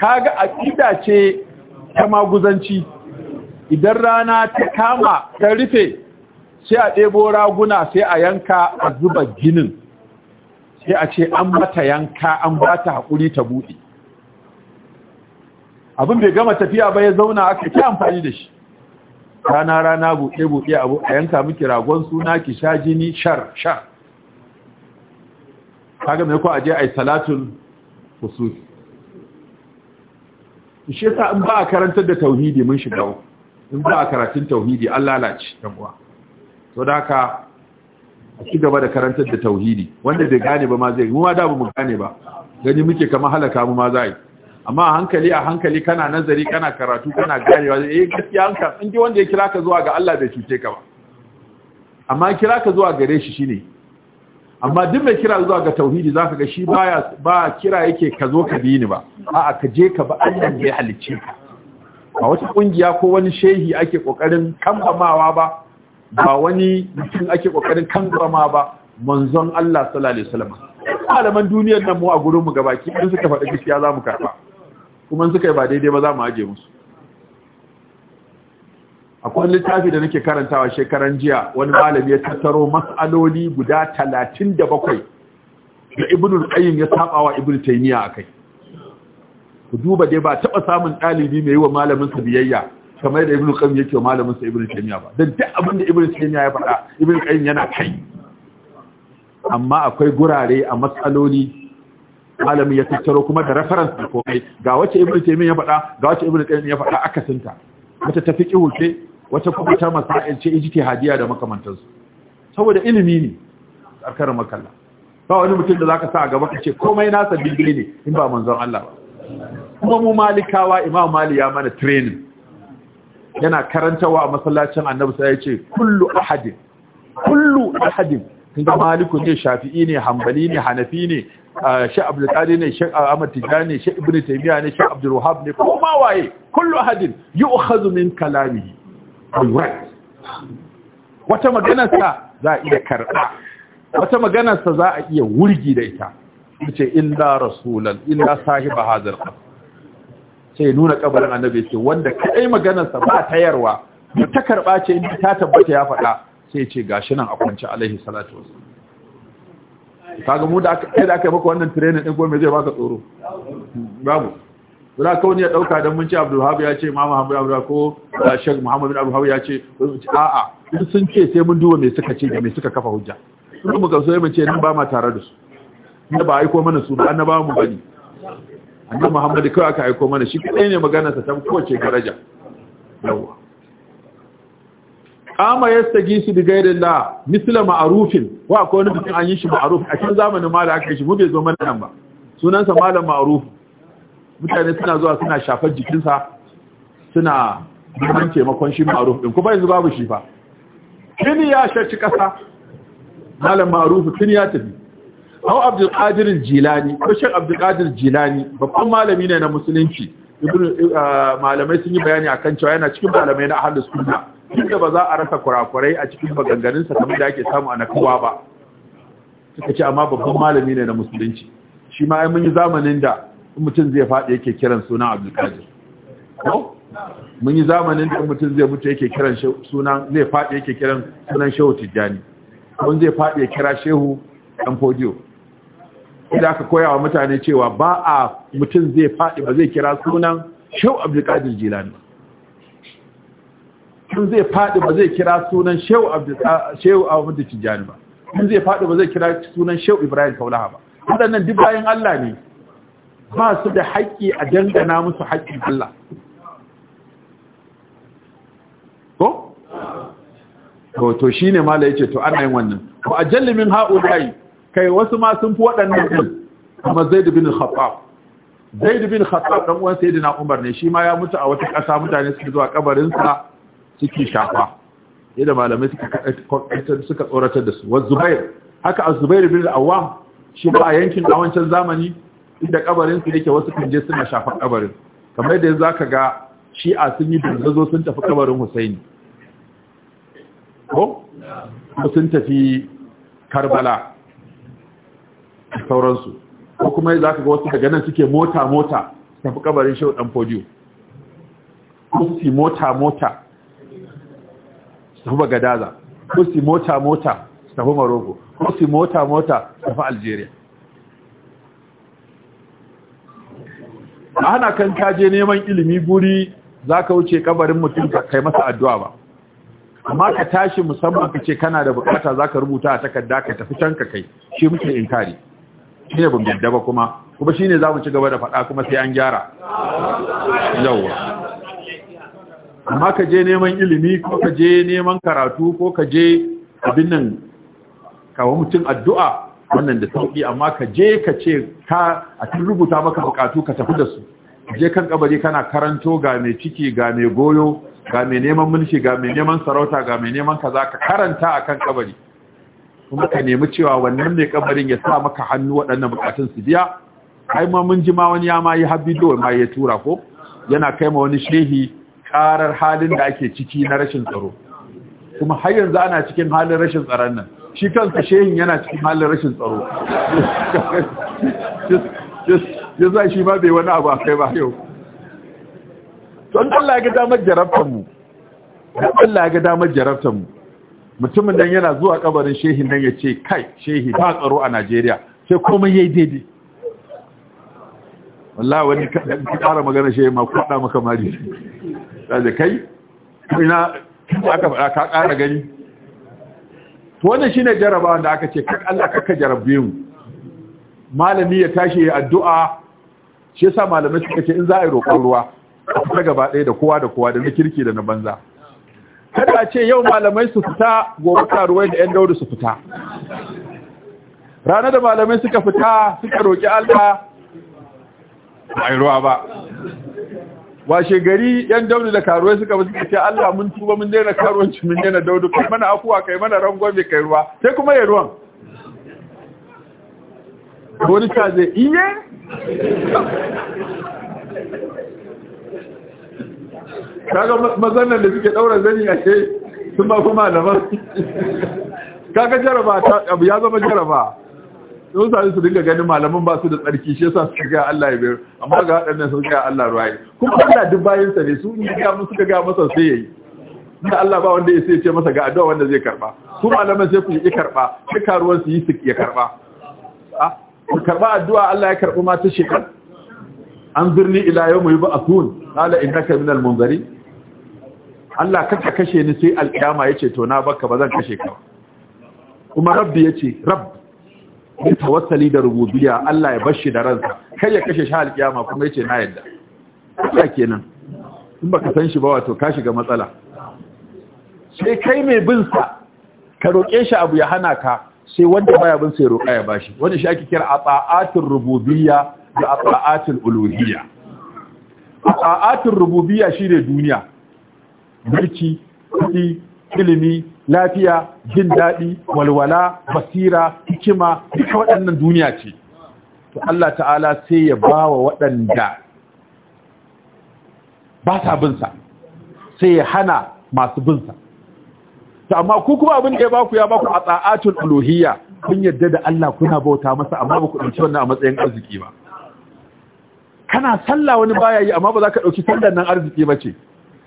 Speaker 1: kaga aƙida ce ta maguzanci idan rana ta kama ta rufe sai a ɗebo raguna sai a yanka a zuba jinin sai a ce an mata yanka an ba ta haƙuri ta buɗe abin bai gama tafiya ba ya zauna aka ke amfani da shi rana rana buɗe buɗe abu a yanka miki ragon suna ki sha jini shar shar Ta mai ko aje yi salatun usul shi sa in ba a karantar da tauhidi mun shiga in ba a karatun tauhidi an lalace yan a ci gaba da karantar da tauhidi wanda bai gane ba ma zai mu ma da ba mu gane ba gani muke kamar halaka mu ma zai amma a hankali a hankali kana nazari kana karatu kana ganewa eh gaskiya hanka in ji wanda ya kira ka zuwa ga Allah bai cuce ka ba amma kira ka zuwa gare shi shine amma duk mai kira zuwa ga tauhidi zaka ga shi baya ba kira yake ka zo ka bi ni ba a'a ka je ka ba Allah da ya halicce ka a wata kungiya ko wani shehi ake kokarin kambamawa ba ba wani mutum ake kokarin ma ba manzon Allah sallallahu alaihi wasallam malaman duniyar nan mu a gurin mu gabaki in suka faɗa gaskiya za mu karba kuma suka yi ba daidai ba za mu aje musu akwai littafi da nake karantawa shekaran jiya wani malami ya tattaro mas'aloli guda 37 da ibnu qayyim ya saba wa ibnu taymiya akai ku duba dai ba taba samun dalibi mai yi wa malamin sa biyayya kamar da ibnu qayyim yake malamin sa ibnu taymiya ba dan duk abin da ibnu taymiya ya faɗa ibnu qayyim yana kai amma akwai gurare a matsaloli malamin ya tattaro kuma da reference da komai ga wacce ibnu taymiya ya faɗa ga wacce ibnu qayyim ya faɗa akasinta wata ta fiqi huce wata kuma ta masail ce ijtihadiyya da makamantansu saboda ilimi ne tsarkar makalla ba wani mutum da zaka sa a gaba kace komai nasa bibili ne in ba manzon Allah
Speaker 2: ba
Speaker 1: kuma mu malikawa imam mali ya mana training yana karantawa a masallacin annabi sai ya ce kullu ahadin kullu ahadin kinga maliku ne shafi'i ne hanbali ne hanafi ne shi abdul qadir ne shi ahmad tijani shi ibnu taymiya ne shi abdul wahhab ne ko ma waye kullu ahadin yu'khadhu min kalamihi alright wata maganar sa za iya karba wata maganar sa za a iya wurgi da ita yace illa rasulan illa sahiba hadal qasr sai ya nuna kabarin annabi ce wanda kai maganarsa ba tayarwa da ta karba ce inda ta tabbata ya faɗa sai ya ce gashi nan a kwanci alaihi salatu wasallam kaga mu da aka kai da aka maka wannan training din me zai baka tsoro babu za ka wani ya dauka dan mun ce Abdul ya ce Mama Muhammad Abdul ko Sheikh Muhammad bin Abdul Habib ya ce a'a sun ce sai mun duba me suka ce da me suka kafa hujja sun mu gamsu so mu ce nan ba ma tare da su Ina ba ko mana su ba annabawa mu bane annabi Muhammad kawai aka aiko mana shi kadai ne magana ta kowace daraja yawa kama yastagi su da gairin la misla ma'arufin wa akwai wani bikin an yi shi ma'aruf a cikin zamanin ma da aka yi shi mu bai zo mana nan ba sunansa malam ma'aruf mutane suna zuwa suna shafar jikinsa suna neman taimakon shi ma'aruf din kuma yanzu babu shi fa kini ya shaci kasa malam ma'aruf kini ya tafi Abu Abdul Qadir Jilani ko Sheikh Abdul Qadir Jilani babban malami ne na musulunci eh, malamai sun yi bayani akan cewa yana cikin malamai na ahlus sunna inda ba za a rasa kurakurai a cikin maganganun sa kamar da ake samu a nakawa ba
Speaker 2: suka ce amma babban
Speaker 1: malami ne na musulunci shi ma ai mun yi zamanin da mutum zai faɗi yake kiran sunan Abdul Qadir mun yi zamanin da mutum zai mutu yake kiran sunan zai faɗi yake kiran sunan Shehu Tijjani mun zai faɗi ya kira Shehu Dan Fodiyo da aka koya wa mutane cewa ba a mutum zai faɗi ba zai kira sunan shehu abdulkadir jilani mutum zai faɗi ba zai kira sunan shehu abdulkadir jilani ba mutum zai faɗi ba zai kira sunan shehu ibrahim kaulaha ba waɗannan duk bayan allah ne ba su da haƙƙi a dangana musu haƙƙin allah ko? to shi ne mala ya ce to ana yin wannan ko a ha'ulai kai wasu ma sun fi waɗannan ɗin. kamar zai bin khattab zai bin khattab ɗan uwan sayyidina umar ne shi ma ya mutu a wata ƙasa mutane suke zuwa kabarinsa suke shafa yadda malamai suka suka tsoratar da su wa zubair haka a zubairu bin awam shi ba a yankin a zamani inda kabarinsa yake wasu kan je suna shafar kabarin kamar yadda ka ga shi'a sun yi bin zazo sun tafi kabarin Husaini ko sun tafi Karbala da sauransu ko kuma za ka ga wasu daga nan suke mota-mota tafi kabarin shehu ɗan podiyo kusi mota-mota tafi bagadaza kusi mota-mota tafi maroko kusi mota-mota tafi algeria ana kan kaje neman ilimi guri za ka wuce kabarin mutum ka kai masa addu'a ba amma ka tashi musamman ka ce kana da bukata za ka rubuta a takarda ka tafi can ka kai shi muke inkari shine bin daba kuma kuma shine za mu ci gaba da faɗa kuma sai an gyara yawa amma ka je neman ilimi ko ka je neman karatu ko ka je abin nan kawo mutum addu'a wannan da sauƙi amma ka je ka ce ka a cikin rubuta maka bukatu ka tafi da su je kan kabari kana karanto ga mai ciki ga mai goyo ga mai neman mulki ga mai neman sarauta ga mai neman kaza ka karanta akan kabari kuma ka nemi cewa wannan mai kabarin ya sa maka hannu waɗannan bukatun su biya ai ma mun ji ma wani ya ma yi habido ma ya tura ko yana kai ma wani shehi karar halin da ake ciki na rashin tsaro kuma har yanzu ana cikin halin rashin tsaron nan shi kansa shehin yana cikin halin rashin tsaro ya za shi ma bai wani abu a kai ba yau don Allah ya ga damar jarabtar mu Allah ya ga damar jarabtar mu mutumin nan yana zuwa kabarin shehin nan ya ce kai shehi ba tsaro a najeriya sai komai ya yi daidai wallah wani kai ƙara magana shehi ma kwada maka mari da kai ina aka faɗa ka ƙara gani to wannan shine jaraba da aka ce kai Allah kaka jarabe mu malami ya tashi ya addu'a shi yasa malamai suka ce in za a yi roƙon ruwa a gaba ɗaya da kowa da kowa da na kirki da na banza kada a ce yau malamai su fita gobe karuwai da 'yan daudu su fita ranar da malamai suka fita suka roƙi Allah ba ruwa ba washe gari 'yan daudu da karuwai suka fi suka ce Allah mun tuba mun daina karuwanci mun daina daudu kai mana afuwa kai mana rangwame kai ruwa sai kuma ya ruwan wani ta zai iya kaga mazannan da suke daura zani a ce sun ba kuma malaman kaga jaraba abu ya zama jaraba sun sa su dinga ganin malaman ba su da tsarki shi yasa suka ga Allah ya bayar amma ga waɗannan sun ga Allah ruwaye kuma Allah duk bayin sa ne su in ga musu ga masa sai yayi da Allah ba wanda ya ce masa ga addu'a wanda zai karba su malaman sai ku yi karba sai karuwar su yi su ya karba a karba addu'a Allah ya karbi ma ta shekar an birni ila yawmi yub'athun qala innaka minal munzirin Allah kanka kashe ni sai alkiyama yace to na baka zan kashe ka kuma rabbi yace rabb ya tawassali da rububiyya Allah ya bashi da ransa kai ya kashe shi alƙiyama kuma yace na yadda Allah kenan in baka san shi ba wato ka shiga matsala sai kai mai bin sa ka roke shi abu ya hana ka sai wanda baya bin sai roƙa ya bashi wanda shi ake kira ata'atul rububiyya da ata'atul uluhiyya ata'atul rububiyya shine duniya barci kuɗi ilimi lafiya jin daɗi walwala basira hikima duka waɗannan duniya ce to Allah ta'ala sai ya ba wa waɗanda ba sa binsa sai ya hana masu binsa to amma ku kuma abin da ya baku ya baku a tsa'atul uluhiyya kun yadda da Allah kuna bauta masa amma ba ku ɗauki wannan a matsayin arziki ba kana sallah wani baya yi amma ba za ka ɗauki sallar nan arziki ba ce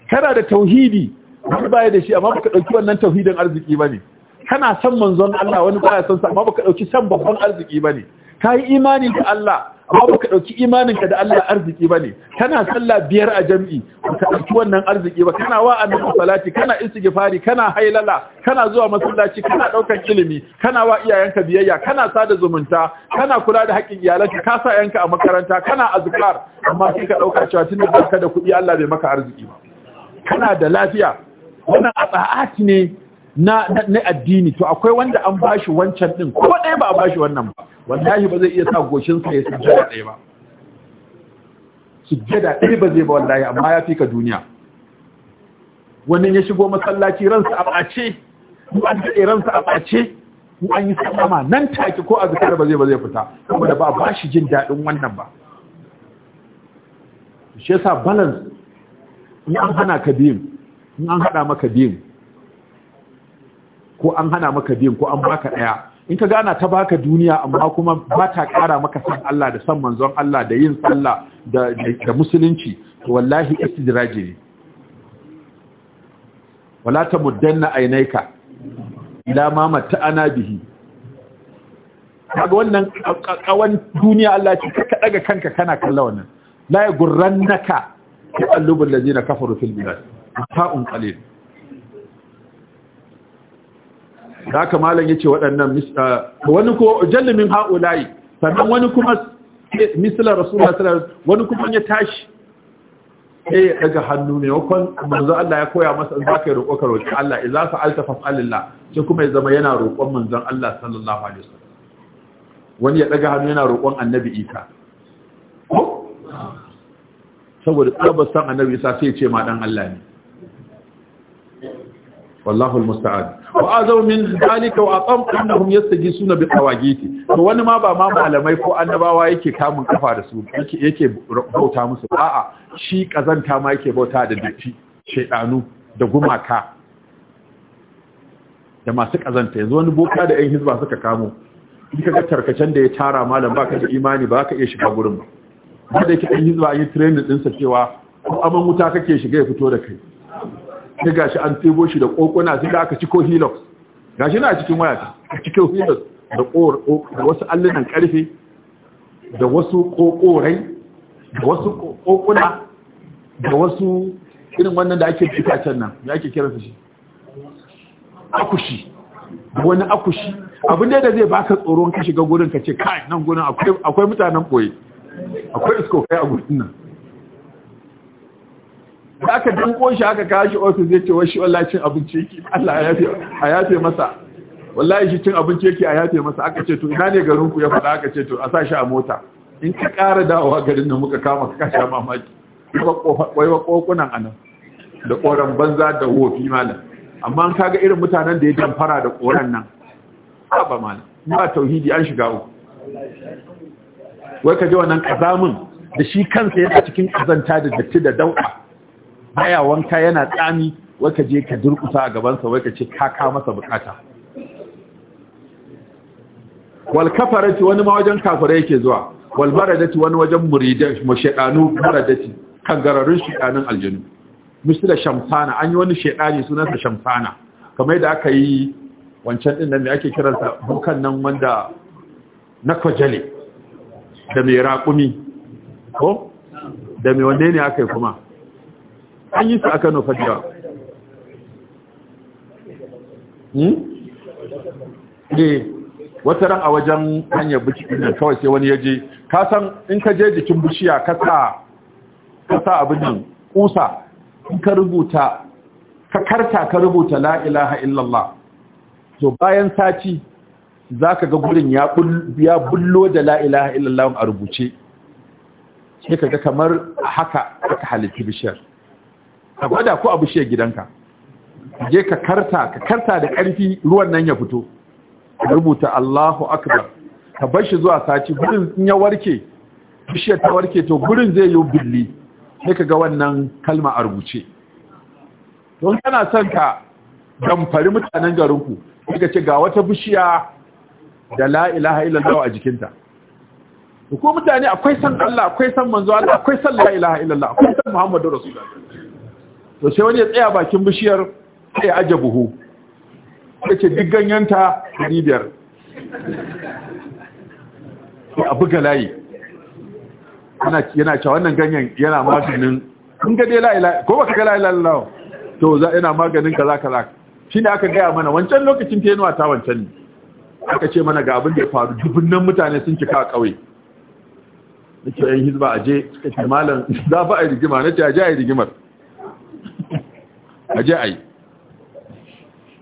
Speaker 1: kana da tauhidi wani baya da shi amma baka dauki wannan tauhidin arziki bane kana san manzon Allah wani baya san sa amma baka dauki san babban arziki bane kai imani da Allah amma baka dauki imanin ka da Allah arziki bane kana sallah biyar a jami'i baka dauki wannan arziki ba kana wa annabi salati kana istighfari kana hailala kana zuwa masallaci kana daukan ilimi kana wa iyayenka biyayya kana sada zumunta kana kula da haƙƙin iyalanka ka sa yanka a makaranta kana azkar amma sai ka dauka cewa tun da baka da kuɗi Allah bai maka arziki ba kana da lafiya wannan a atsa'ati ne na addini to akwai wanda an ba shi wancan din ko ɗaya ba a ba shi wannan ba wallahi ba zai iya sa goshin sa ya da ɗaya ba sujjada ɗaya ba zai ba wallahi amma ya fi duniya wannan ya shigo masallaci ransa a ɓace ko an daɗe ransa a ɓace ko an yi sallama nan take ko a zakar ba zai ba zai fita saboda ba ba shi jin daɗin wannan ba shi yasa balance in an hana ka biyun in an hada maka biyun ko an hana maka biyun ko an baka daya in ka gana ta baka duniya amma kuma ba ta kara maka san Allah da san manzon Allah da yin sallah da musulunci to wallahi istidraji ne wala ta muddanna ainaika ila ma ana bihi kaga wannan kawan duniya Allah ce ka daga kanka kana kalla wannan la yagurrannaka تقلب الذين كفروا في البلاد متاع قليل haka malam yace waɗannan wani ko jallimin haulayi sannan wani kuma misla rasulullah wani kuma ya tashi eh ya daga hannu ne wakon Allah ya koya masa in zaka roƙo ka roƙi Allah idza fa'alta fas'alillah sai kuma ya zama yana roƙon manzon Allah wani ya daga hannu yana roƙon annabi Isa saboda tsabar san annabi isa sai ce ma dan Allah ne wallahu almusta'ad wa azaw min zalika wa aqam annahum yastajisuna bi qawagiti to wani ma ba ma malamai ko annabawa yake kamun kafa da su yake yake bauta musu a'a shi kazanta ma yake bauta da datti shedanu da gumaka da masu kazanta yanzu wani boka da 'yan hizba suka kamo in ka ga tarkacen da ya tara malam baka da imani baka iya shiga gurin ba ba da kika yi zuwa yi tirenin ɗinsa cewa ko aman wuta kake shiga ya fito da kai sai gashi an tebo shi da kokuna su da aka ciko Ga gashi na cikin waya a cikin helox, da wasu allunan karfe da wasu kokorai da wasu kokuna da wasu irin wannan da ake can nan da ake kiransa shi akushi wani akushi abin da zai baka tsoron ka shiga gurin ka ce kai nan gurin akwai mutanen boye akwai isko kai a gudun nan da aka danko shi aka kawo shi ofis ya ce wai shi wallahi cin abinci yake Allah a yafe masa wallahi shi cin abinci yake a yafe masa aka ce to ina ne garin ku ya fada aka ce to a sa shi a mota in ka kara dawowa garin nan muka kama ka sha mamaki wai wa kokunan anan da koran banza da wofi malam amma an kaga irin mutanen da ya damfara da koran nan ba malam ba tauhidi an shiga
Speaker 2: uku wai
Speaker 1: ka ji wannan kazamin da shi kansa yana cikin kazanta da datti da dauka baya wanka yana tsami wai ka je ka durkusa a gabansa wai ka ce ka ka masa bukata wal kafarati wani ma wajen kafirai yake zuwa wal baradati wani wajen muridan shedanu baradati kangararrun shedanin aljinu misal shamsana an yi wani shedani sunansa shamsana kamar da aka yi wancan din nan me ake kiransa bukan nan wanda na kwajale da mai raƙumi ko da mai wanda ne aka yi kuma an yi su aka nufa da ne hmm? eh, wata ran a wajen hanyar buci nan kawai sai wani ya je ka san in ka je jikin bishiya ka sa abin nan kusa in ka rubuta ka karta ka rubuta la ilaha illallah to bayan sati za ka ga gurin ya bullo da la'ilaha illallah a rubuce sai ka ga kamar haka aka halitti bishiyar ka gwada ko a bishiyar gidanka je ka karta ka karta da ƙarfi ruwan nan ya fito rubuta Allahu akbar ka bar shi zuwa sati gurin in ya warke bishiyar ta warke to gurin zai yi billi sai ka ga wannan kalma a rubuce don kana son ka damfari mutanen garinku sai ka ce ga wata bishiya da la ilaha illallah a jikinta ko mutane akwai san Allah akwai san manzo Allah akwai san la ilaha illallah akwai san Muhammadu Rasulullah to sai wani ya tsaya bakin bishiyar sai ajabuhu aje buhu yace duk ganyanta 500 abu buga layi yana cewa wannan ganyen yana maganin kun ga dai la ilaha ko baka ga la ilaha illallah to za yana maganin kaza kaza shine aka gaya mana wancan lokacin tenuwa ta wancan ne aka ce mana ga abin da ya faru dubunan mutane sun cika a ƙauye da ke yan hizba a je suka ce malam za fa a yi rigima na ce a je a yi rigimar a je a yi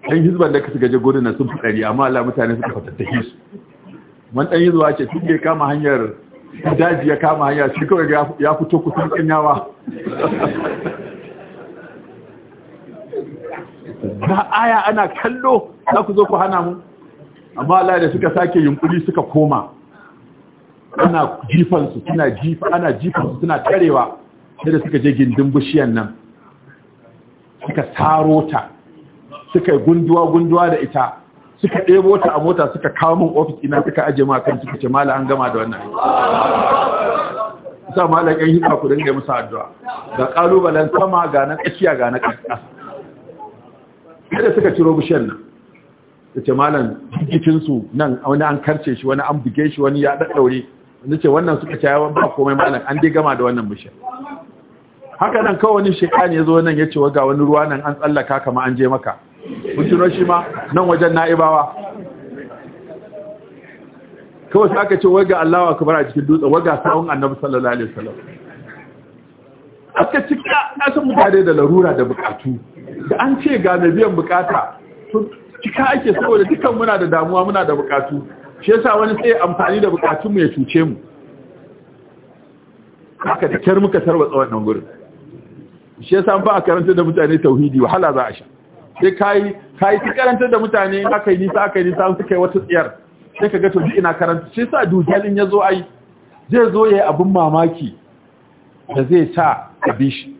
Speaker 1: yan hizban da suka je gudu na sun fi ɗari amma Allah mutane suka fatattahi su wani ɗan hizba ce tun ya kama hanyar daji ya kama hanyar shi kawai ya fito kusan kanyawa ga aya ana kallo za ku zo ku hana mu amma Allah da suka sake yunkuri suka koma ana jifan su suna jifa ana jifan su suna tarewa da suka je gindin bishiyan nan suka taro ta suka gunduwa gunduwa da ita suka ɗebo ta a mota suka kawo min ofis ina suka aje ma kan suka ce mallan an gama da wannan sai mallan yan hika ku dinga musu addu'a ga kalubalen sama ga na tsakiya ga na ƙasa da suka ciro bishiyar nan ce malam cikin su nan wani an karce shi wani an buge shi wani ya wanda ce wannan suka ce yawan ba komai malam an dai gama da wannan bishiyar haka nan kawai wani ya yazo nan yace wa ga wani ruwa nan an tsallaka kama an je maka
Speaker 2: mun tuno shi ma nan wajen na'ibawa
Speaker 1: kawai sai aka ce waga Allahu akbar a cikin dutse waga sawun Annabi sallallahu alaihi wasallam aka cika asan san mutane da larura da bukatu da an ce ga mai biyan bukata cika ake saboda dukan muna da damuwa muna da bukatu shi yasa wani sai amfani da bukatun mu ya cuce mu haka da kyar muka tarwatsa wannan gurin shi yasa ba a karanta da mutane tauhidi wahala za a sha sai kai kai ki karanta da mutane in aka yi nisa aka yi nisa suka yi wata tsiyar sai ka ga to ina karanta shi yasa dujalin ya zo ai zai zo yayi abun mamaki da zai sa abishi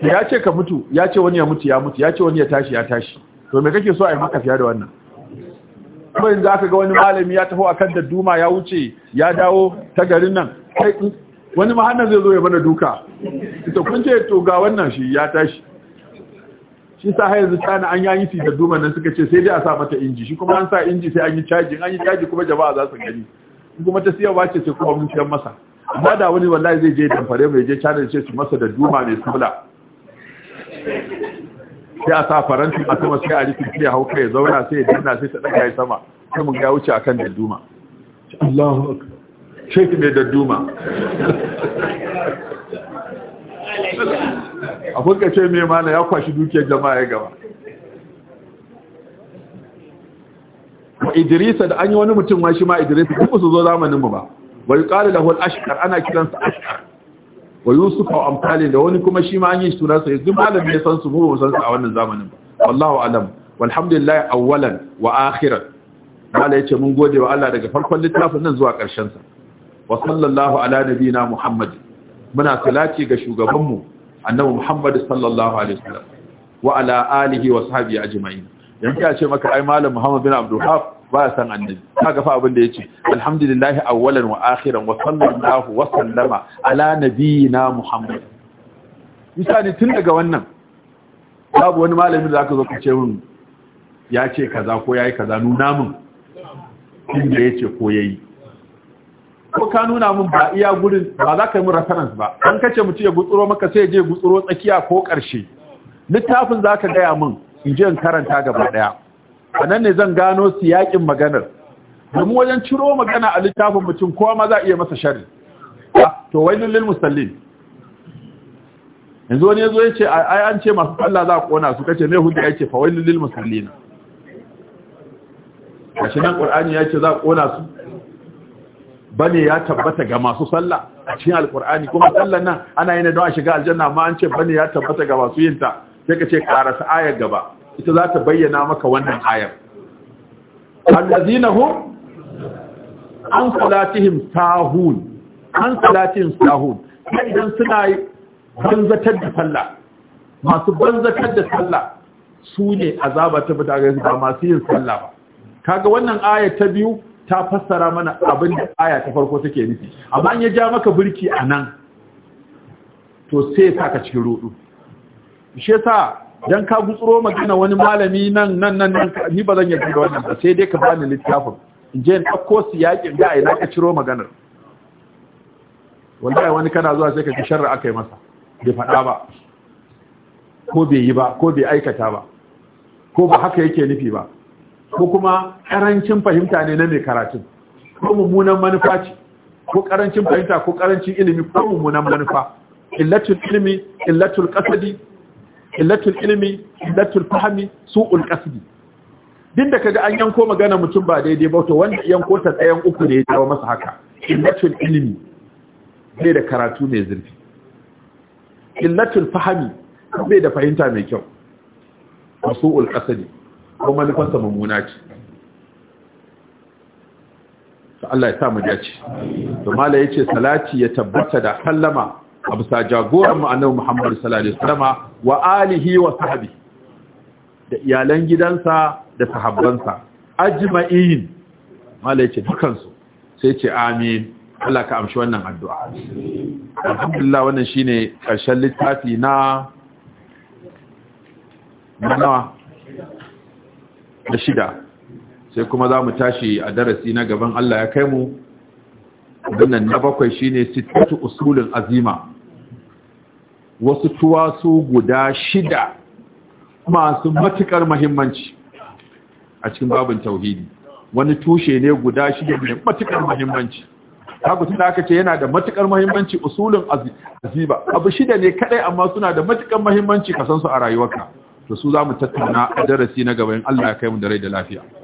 Speaker 1: shi ya ce ka mutu ya ce wani ya mutu ya mutu ya ce wani ya tashi ya tashi to me kake so a yi maka fiya da wannan kuma yanzu aka ga wani malami ya taho akan da duma ya wuce ya dawo ta garin nan wani mahannan zai zo ya bana duka ita kun ce to ga wannan shi ya tashi shi sa har yanzu tana an yayi fi da duma nan suka ce sai dai a sa mata inji shi kuma an sa inji sai an yi caji an yi caji kuma jama'a za su gani kuma ta siya ce sai kuma mun siyar masa amma da wani wallahi zai je damfare mai je canar ce su masa da duma mai sabla sai a sa farantin a sama sai a ji ya hauka ya zauna sai ya dina sai ta daga ya sama sai mun ga wuce akan dadduma Allahu akbar sheki mai dadduma
Speaker 2: a kuka ce mai mana ya kwashi dukiyar jama'a ya gaba
Speaker 1: Idrisa da an yi wani mutum ma shi ma Idrisa duk su zo mu ba bai kare da hul ashkar ana kiransa ashkar wa yusuf a amfani da wani kuma shi ma an yi sunansa yanzu malami ya san su mu san su a wannan zamanin ba wallahu alam walhamdulillah awwalan wa akhiran mala yace mun gode wa Allah daga farkon littafin nan zuwa karshen sa wa sallallahu ala nabina muhammad muna salati ga shugaban mu annabi muhammad sallallahu alaihi wasallam wa ala alihi wa sahbihi ajma'in yanzu ya ce maka ai malam muhammad bin abdul ba san annabi kaga fa abin da yace alhamdulillahi awwalan wa akhiran wa sallallahu wa sallama ala nabiyina muhammad misali tun daga wannan babu wani malami da zaka zo ka ce mun ya ce kaza ko yayi kaza nuna mun da yace ko yayi ko ka nuna mun ba iya gurin ba za ka yi mun reference ba an kace mu ya gutsuro maka sai je gutsuro tsakiya ko karshe littafin zaka ka gaya mun in je in karanta gaba daya a nan ne zan gano su yakin maganar domin wajen ciro magana a littafin mutum kowa ma za a iya masa shari ah, to wailun lil musallin yanzu wani ya ce, ai an ce masu Allah za a kona su kace me hujja ce fa wailun lil musallin shi nan ya ce za a kona su bane ya tabbata ga masu sallah a cikin Alƙur'ani, kuma sallan nan ana yin don a shiga aljanna amma an ce bane ya tabbata ga masu yinta sai ce ƙarasa ayar gaba ita za ta bayyana maka wannan ayar allazina hum an salatihim sahun an salatihim sahun idan suna banzatar da sallah masu banzatar da sallah su ne azaba ta daga ba masu yin sallah ba kaga wannan aya ta biyu ta fassara mana abin da aya ta farko take nufi amma in ya ja maka birki a nan to sai ya saka cikin rudu shi yasa dan ka gutsuro magana wani malami nan nan nan ni ba zan yi da wannan ba sai dai ka bani littafin in je in ɗauko su yaƙin da ina ka ciro maganar wallahi wani kana zuwa sai ka ji sharri aka masa bai faɗa ba ko bai yi ba ko bai aikata ba ko ba haka yake nufi ba ko kuma ƙarancin fahimta ne na mai karatun ko mummunan manufa ce ko ƙarancin fahimta ko karancin ilimi ko mummunan manufa illatul ilimi illatul qasadi illatul ilmi illatul fahmi su'ul qasdi din da kaga an yanko magana mutum ba daidai ba to wanda yanko ta tsayan uku ne ya jawo masa haka illatul ilmi bai da karatu mai zurfi illatul fahmi bai da fahimta mai kyau su'ul qasdi ko manufarsa mummuna ce to Allah ya sa mu dace to mala yace salati ya tabbata da sallama a bisa jagoran mu Muhammadu Muhammad sallallahu alaihi wasallam wa alihi wa sahbi da iyalan gidansa da sahabbansa ajma'in malaice dukan su sai ce amin Allah ka amshi wannan addu'a alhamdulillah wannan shine karshen littafi na nawa da shida sai kuma zamu tashi a darasi na gaban Allah ya kai mu wannan na bakwai shine sittatu usulin azima wasu tuwasu guda shida masu matukar mahimmanci a cikin babin tauhidi wani tushe ne guda shida mai matukar mahimmanci haka tun aka ce yana da matukar mahimmanci usulun aziba abu shida ne kadai amma suna da matukar mahimmanci ka su a rayuwarka to su zamu tattauna a darasi na gaba in Allah ya kai mu da rai da lafiya